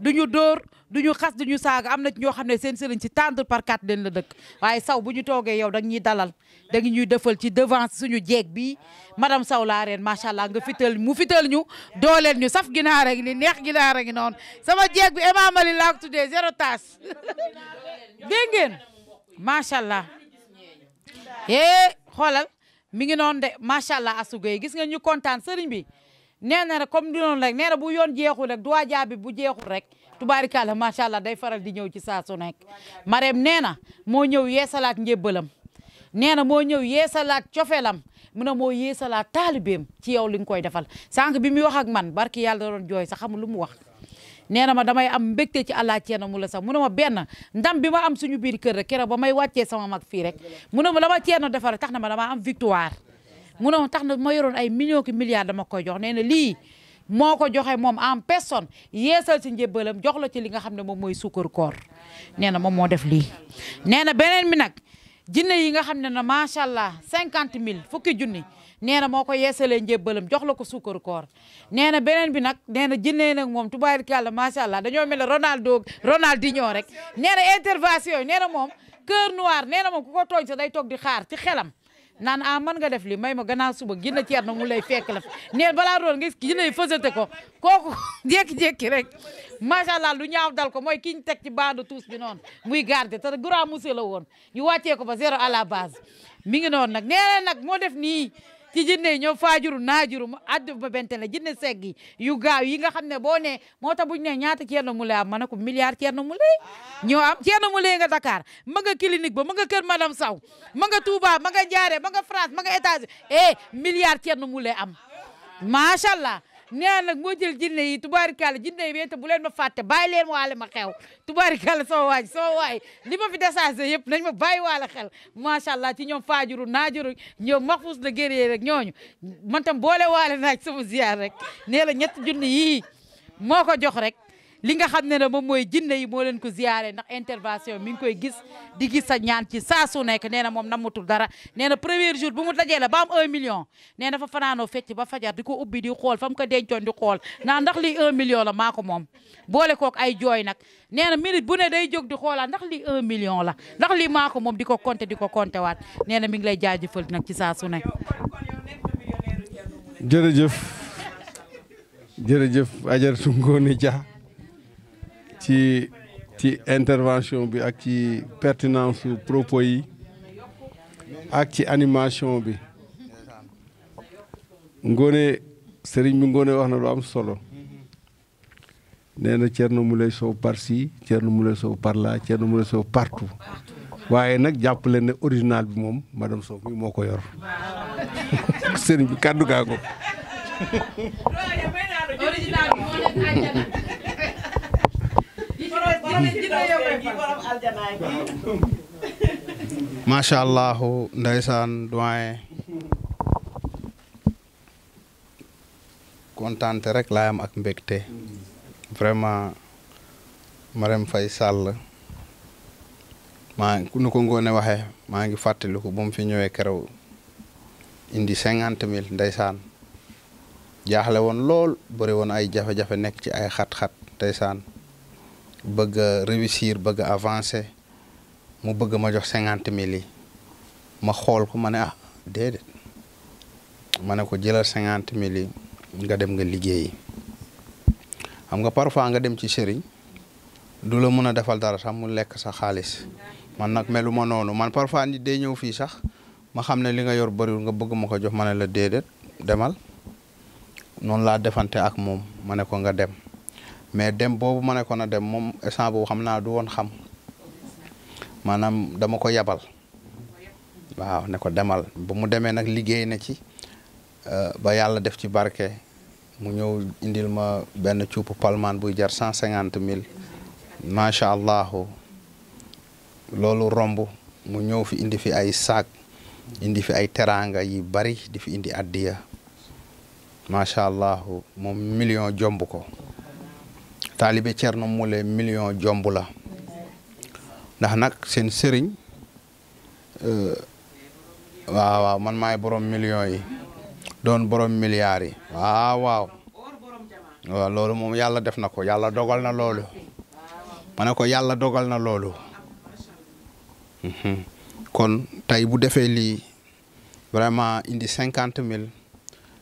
du duñu dóor ñu xas du ñu saaga am na ñoo xam ne seen sëriñ ci tendre par quatre den la dëkk waaye saw bu ñu toogee yow dag ñuy dalal dag ñuy defal ci devant suñu jeeg bi madame saw laa reen macha allah nga fital mu fital ñu dooleel ñu saf ginaar ak ni neex ginaar ak noonu sama jeeg bi Emma laa tuddee zéro taas dégg ngeen macha allah eh xoolal mi ngi noonu de macha allah asugay gis nga ñu kontaan sëriñ bi nee na rek comme du noonu rek nee bu yoon jeexul rek doa jaabi bu jeexul rek tubaarikàlla macha allah day faral di ñëw ci saa su nekk mareem nee na moo ñëw yeesalaat njébbalam nee na moo ñëw yeesalaat cofeelam mu ne moo yeesalaat taalibeem ci yow li nga koy defal sànq bi muy wax ak man barki yàlla doon jooy sax xamul lu mu wax nee na ma damay am mbégte ci àllaa ceena mu la sax mu ne ma benn ndam bi ma am suñu biir kër rek kere ba may wàccee sama mag fii rek mu ne ma la ma ceena defar tax na ma damaa am victoire mu ne ma tax na ma yoroon ay millions ki milliards dama ko jox nee na lii moo ko joxe moom en personne yeesal ci njébbalam jox la ci li nga xam ne moom mooy sukkar koor nee na moom moo def lii nee na beneen bi nag jinne yi nga xam ne na macha allah cinquante mille fukki junni nee na moo ko yeesalee njébbalam jox la ko suukaru koor nee na beneen bi nag nee na jëndee nag moom tubaarikàlla macha allah dañoo mel ne Ronaldo Ronaldinho rek nee na intervention yi nee na moom cœur noir nee na moom ku ko tooñ sax day toog di xaar ci xelam naan ah man nga def li may ma gannaaw suba gën a ceer na mu lay fekk la neen balaa rool nga gën a fësate ko kooku jékki-jékki rek macha lu ñaaw dal ko mooy ki ñu teg ci bande tous bi noonu muy garde te grand monsieur la woon ñu wàccee ko ba zéro à la base mi ngi noonu nii ci jinne yi ñoo juru naajuru addu ba bente la jinne segg yu gaaw yi nga xam ne boo ne moo tax buñ ne ñaata ceerno mu lay am ma ne ko milliard ceerno mu lay ñoo am mu lay nga Dakar ma nga bo ba ma nga kër madame Saw manga nga Touba ma nga Ndiaré ma nga France ma nga États-Unis eh milliard ceerno mu am macha allah nee nag moo jël jinne yi tubaarikàlla jinne yi wéete bu leen ma fàtte bàyyi leen waale ma xew tubaarikàlla soo waaj soo waay li ma fi desagé yëpp nañ ma bàyyi waale xel macha allah ci ñoom faajuru naajuru ñoom maxfuus la guerrier rek ñooñu boole waale naaj sama ziar rek nee la ñett junni yii moo ko jox rek li nga xam ne ne moom mooy jinne yi moo leen ko ziyaare ndax intervention mi ngi koy gis di gis sa ñaan ci saa su nekk nee na moom namutul dara nee na premier jour bu mu dajee la baam un million nee na fa fanaanoo fecc ba fajar di ko ubbi di xool fa mu ko dencoon di xool naa ndax lii un million la moom boole kook ay jooy nag nee na minute bu ne day jóg di xoolaat ndax lii un million la ndax lii maa ko moom di ko compté di ko compté waat nee na mi ngi lay jaajëfal nag ci saa su nekk jërëjëf jërëjëf ajar ngoone ja ci ci intervention bi ak ci pertinence su propos yi ak ci animation bi Ngone sëriñ bi Ngone wax na lu am solo nee na Thierno Moule Sow par ci Thierno Moule Sow par là Thierno Moule Sow partout waaye nag jàpp leen ne original bi moom madame Sow mi moo ko yor sëriñ bi kàddu gaa ko. macha allah ndeysaan doyen kontaante rek laa am ak mbégte vraiment Marème Faye Sall maa nu ko ngoone waxe maa ngi fàttaliku bu mu fi ñëwee keroog indi cinquante mille ndeysaan jaaxle woon lool bëri woon ay jafe-jafe nekk ci ay xat-xat ndeysaan bëgg réussir bëgg a avancer mu bëgg ma jox cinquante mili ma xool ko ma ne ah déedéet ma ne ko jëlal cinquante mille nga dem nga liggéeyi xam nga parfois nga dem ci sëriñ du la mën a defal dara sax mu lekk sa xaalis man nag melu ma noonu man parfois nit day ñëw fii sax ma xam ne li nga yor bëriwul nga bëgg ma ko jox ma ne la déedéet demal noonu laa defante ak moom ma ne ko nga dem. mais dem boobu ma ne na dem moom instant boobu xam naa du woon xam maanaam dama ko yabal waaw ne ko demal ba mu demee nag liggéey na ci euh, ba yàlla def ci barke mu ñëw indil ma benn cuup palmaan buy jar cent cinquante mille macha allahu loolu romb mu ñëw fi indi fi ay saak indi fi ay teraanga yi bari di fi indi addiya macha allahu moom million jomb ko taalibe Thierno Moule Million jomb la ndax nag seen sëriñ euh, waaw waaw man million yi doon borom milliards yi waaw waw waaw loolu moom yàlla def na ko yàlla dogal na loolu ma ne ko yàlla dogal na loolu mhm. kon tey bu defee lii vraiment indi cinquante mille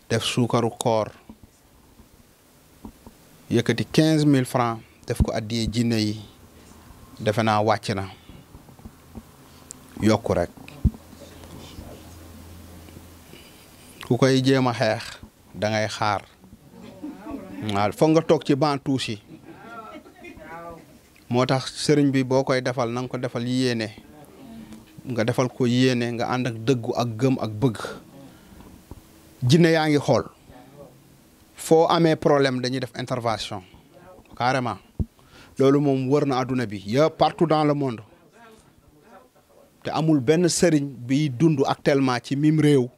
def suukaru koor yëkkati quinze mille francs def ko addiyee jinne yi defe naa wàcc na yokku rek ku koy jéem a xeex dangay xaar waaw foog nga toog ci ban tuus moo tax sëriñ bi boo koy defal na ko defal yéene nga defal ko yéene nga ànd ak dëggu ak gëm ak bëgg jinne yaa ngi xool foo amee problème dañuy def intervention carrément loolu moom wër na àdduna bi yëpp partout dans le monde te amul benn sëriñ bi dund actuellement ci mim réew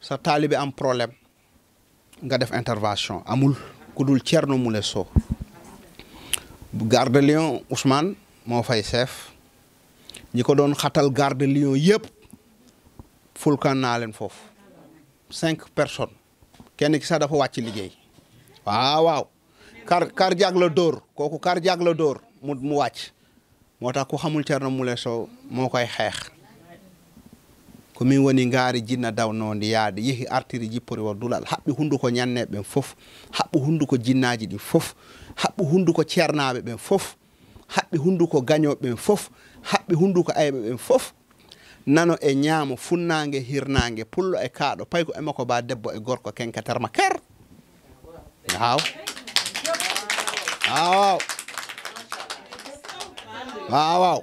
sa taalibe am problème nga def intervention amul ku dul Thierno Moule Sow garde lion Ousmane moo fay chef ñi ko doon xatal garde lion yëpp fulkan naa leen foofu cinq personnes kenn ki sax dafa wàcc liggéey waaw waaw kar kar jag la dóor kooku kar jag la dóor mu mu wàcc moo tax ku xamul Thierno Moule Sow moo koy xeex komin woni ngaari jinna dawnode yaade yeehi artiri jippori wo dulal haɓɓi hunduko ñanneɓe ɓen fof haɓɓi hunduko jinnaji ɗin fof haɓɓi hunduko ceernaɓe ɓen fof haɓɓi hunduko gañoɓe ɓen fof haɓɓi hunduko ayɓe ɓen fof nano e ñaamo funnaange hirnaange pullo e kaaɗo payko e makko ba debbo e gorko kenkatarma kar awaw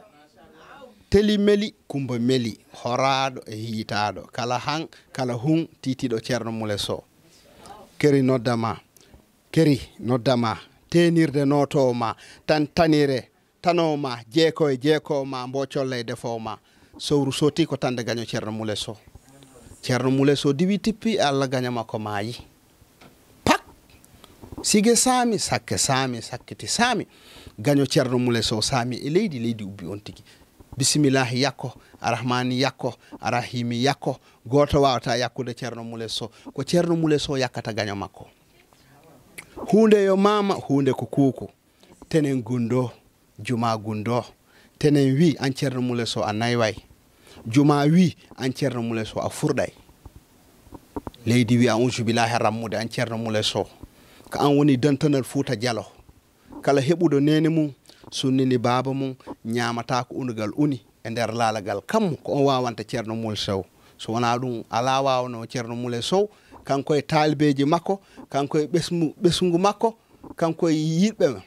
teli meli kumba meli horaaɗo e hiitaaɗo kala han kala hun titiɗo ceerno mule so keri noddama keri noddama tenirde notowo ma tan tanire tanowo ma jeeko e ma mbo colla e defowo ma sowru soti ko tande gaño ceerno moule diwi tippi allah gañama ko maayi pak sige saami sakke saami sakkiti saami gaño ceerno saami e leydi leydi ubbi on tigi bisimillahi yakko arahmani yakko arahimi yakko goto wawata yakkude ceerno ko ceerno yakkata gaño makko hunde yo mama hunde ko kuuko tenen gundo juma gundo tenen wi an ceerno so a nayway juma wi an ceerno so a furɗay leydi wi an ujubillahi rammude an ceerno so ko an woni dentanal fuuta dialo kala heɓuɗo nene mum sunnini baaba mum ñamata unugal uni e nder laalagal kammu ko on wawanta ceerno so wona ɗum ala wawano ceerno mule kanko e taalibeji makko kanko e ɓesgu makko kanko e yiɗɓe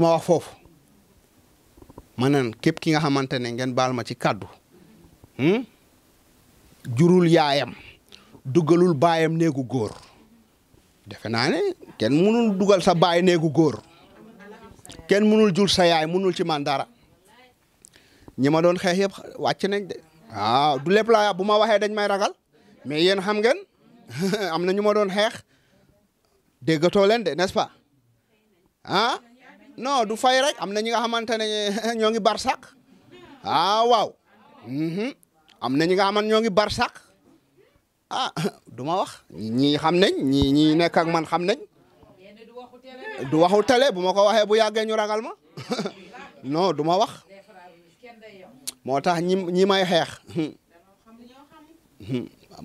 ma wa foof ma naan képp ki nga xamante ne ngeen baal ma ci kàddu hmm? jurul yaayam dugalul baayam néegu góor defe naa ne kenn mënul dugal sa baay néegu góor kenn mënul jur sa yaay mënul ci man dara ñi ma doon xeex yëpp wàcc nañ de ah, du lépp laa bu ma waxee dañ may ragal mais yéen xam ngeen am na ñu ma doon xeex déggatoo leen de n'est-ce pas ah non du fay rek am na ñi nga xamante ne ñoo ngi barsak ah waaw mm-hmm. am na ñi nga xamante ñoo ngi barsak ah du ma wax ñii xam nañ ñii ñi nekk ak man xam nañ du waxu télé bu ma ko waxee bu yàggee ñu ragal ma no du ma wax moo tax ñi ñi may xeex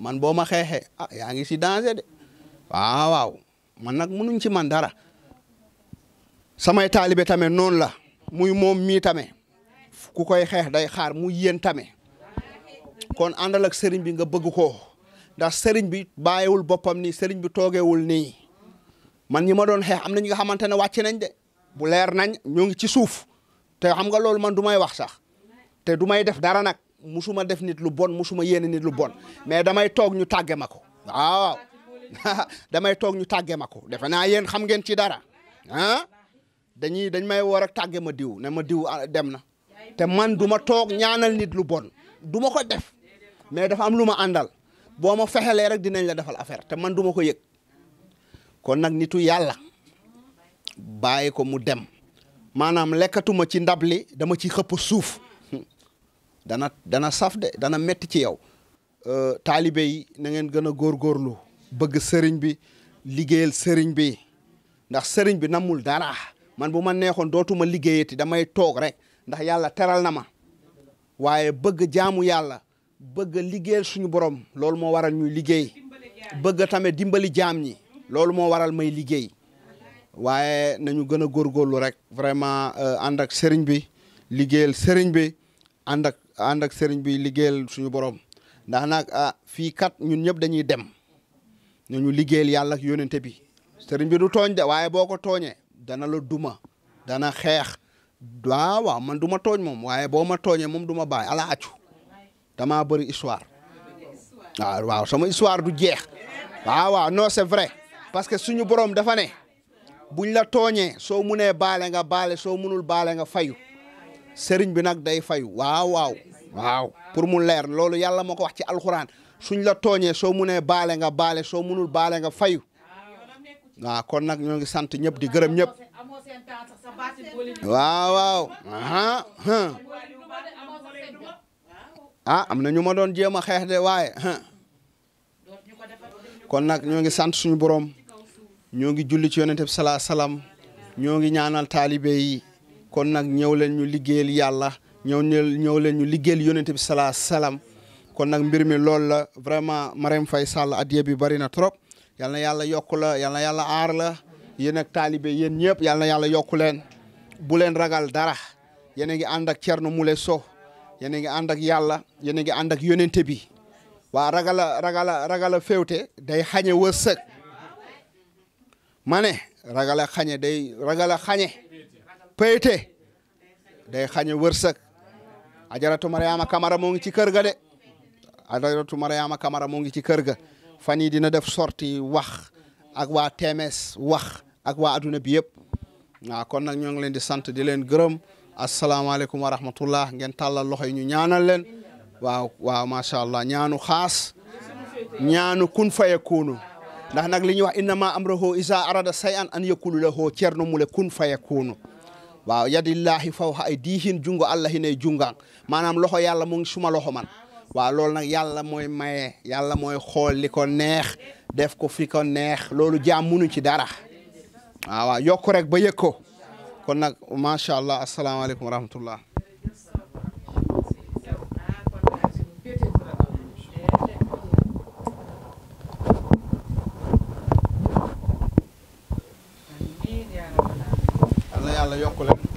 man boo ma xeexee ah, yaa ngi si danger de waaw ah, waaw man nag mënuñ ci man dara. sama taalibe tamit noonu la muy moom mii tamit ku koy xeex day xaar mu yéen tamit kon àndal ak sëriñ bi nga bëgg ko ndax sëriñ bi bàyyiwul boppam nii sëriñ bi toogeewul nii man ñi ma doon xeex am na ñi nga xamante ne wàcc nañ de bu leer nañ ñoo ngi ci suuf te xam nga loolu man du may wax sax te du may def dara nag musuma def nit lu bon musuma yéene nit lu bon mais damay toog ñu tàgge ma ko waaw damay toog ñu tàgge ma ko defe naa yéen xam ngeen ci dara ah dañuy dañ may woo rek tàgge ma diw ne ma diw ah, dem na te man duma toog ñaanal nit lu bon du ma ko def mais dafa am lu ma àndal boo ma fexelee rek dinañ la defal affaire te man duma ko yëg kon nag nitu yàlla bàyyi ko mu dem maanaam lekkatuma ci ndab li dama ci xëpp suuf dana dana saf de dana metti ci yow euh, taalibe yi na ngeen gën a góorgóorlu bëgg sëriñ bi liggéeyal sëriñ bi ndax sëriñ bi namul dara man bu ma neexoon dootuma liggéeyati damay toog rek ndax yàlla teral na ma waaye bëgg jaamu yàlla bëgg liggéeyal suñu borom loolu moo waral ñu liggéey bëgg tamit dimbali jaam ñi loolu moo waral may liggéey waaye nañu gën a góorgóorlu rek vraiment euh, ànd ak sëriñ bi liggéeyal sëriñ bi ànd ak ànd ak sëriñ bi liggéeyal suñu borom ndax nag ah fii kat ñun ñëpp dañuy dem nañu liggéeyal yàlla ak yónente bi du tooñ de waaye boo ko dana la duma dana xeex waaw waaw man du ma tooñ moom waaye boo ma tooñee moom du ma bàyyi ala accu damaa bëri histoire waaw waaw sama histoire du jeex waaw waaw non c'est vrai parce que suñu borom dafa ne buñ la tooñee soo munee baale nga baale soo munul baale nga fayu sëriñ bi nag day fayu waaw waaw waaw pour mu leer loolu yàlla ma ko wax ci alxuraan suñ la tooñee soo munee baale nga baale soo munul baale nga fayu waaw kon nag ñoo ngi sant ñëpp di gërëm ñëpp waaw waaw ah am na ñu ma doon jéem a xeex de waaye kon nag ñoo ngi sant suñu borom ñoo ngi julli ci yonente bi salaa salaam ñoo ngi ñaanal taalibe kon nag ñëw leen ñu liggéeyal yàlla ñëw ñëw leen ñu liggéeyal yonente bi salaa salaam kon nag mbir mi loolu la vraiment Marème Faye Sall adiya bi bari na trop yal na yàlla yokk la yàlla aar la yéen ak taalibe yéen ñëpp yal na yàlla yokku leen bu leen ragal dara yéen a ngi ànd ak Thierno Moule Sow yéen a ngi ànd ak yàlla yéen a ngi ànd ak yonente bi waa ragala ragala ragala féewte day xañe wërsëg ma ne ragala xañe day ragala xañe péyte day xañe wërsëg ajaratu Mariama Kamara moo ngi ci kër ga de ajaratu Kamara moo ngi ci kër ga fan yi dina def sorti wax ak waa TMS wax ak waa adduna bi yëpp waaw kon nag ñoo ngi leen di sant di leen gërëm asalaamaaleykum wa rahmatullah ngeen tàllal loxo yi ñu ñaanal leen waaw waaw macha allah ñaanu xaas ñaanu kun fayakunu ndax nag li ñuy wax am amrahu isa arada sayan an yakulu lahu ceerno mule kun fayakunu waaw yadillahi fawha ay diihin jungo allah hinay jungang maanaam loxo yàlla mu suma loxo man waaw loolu nag yàlla mooy maye yàlla mooy xool li ko neex def ko fi ko neex loolu jaam munu ci dara waaw waaw yokk rek ba yëg ko kon nag macha allah asalaamaaleykum wa rahmatullah yàlla yokk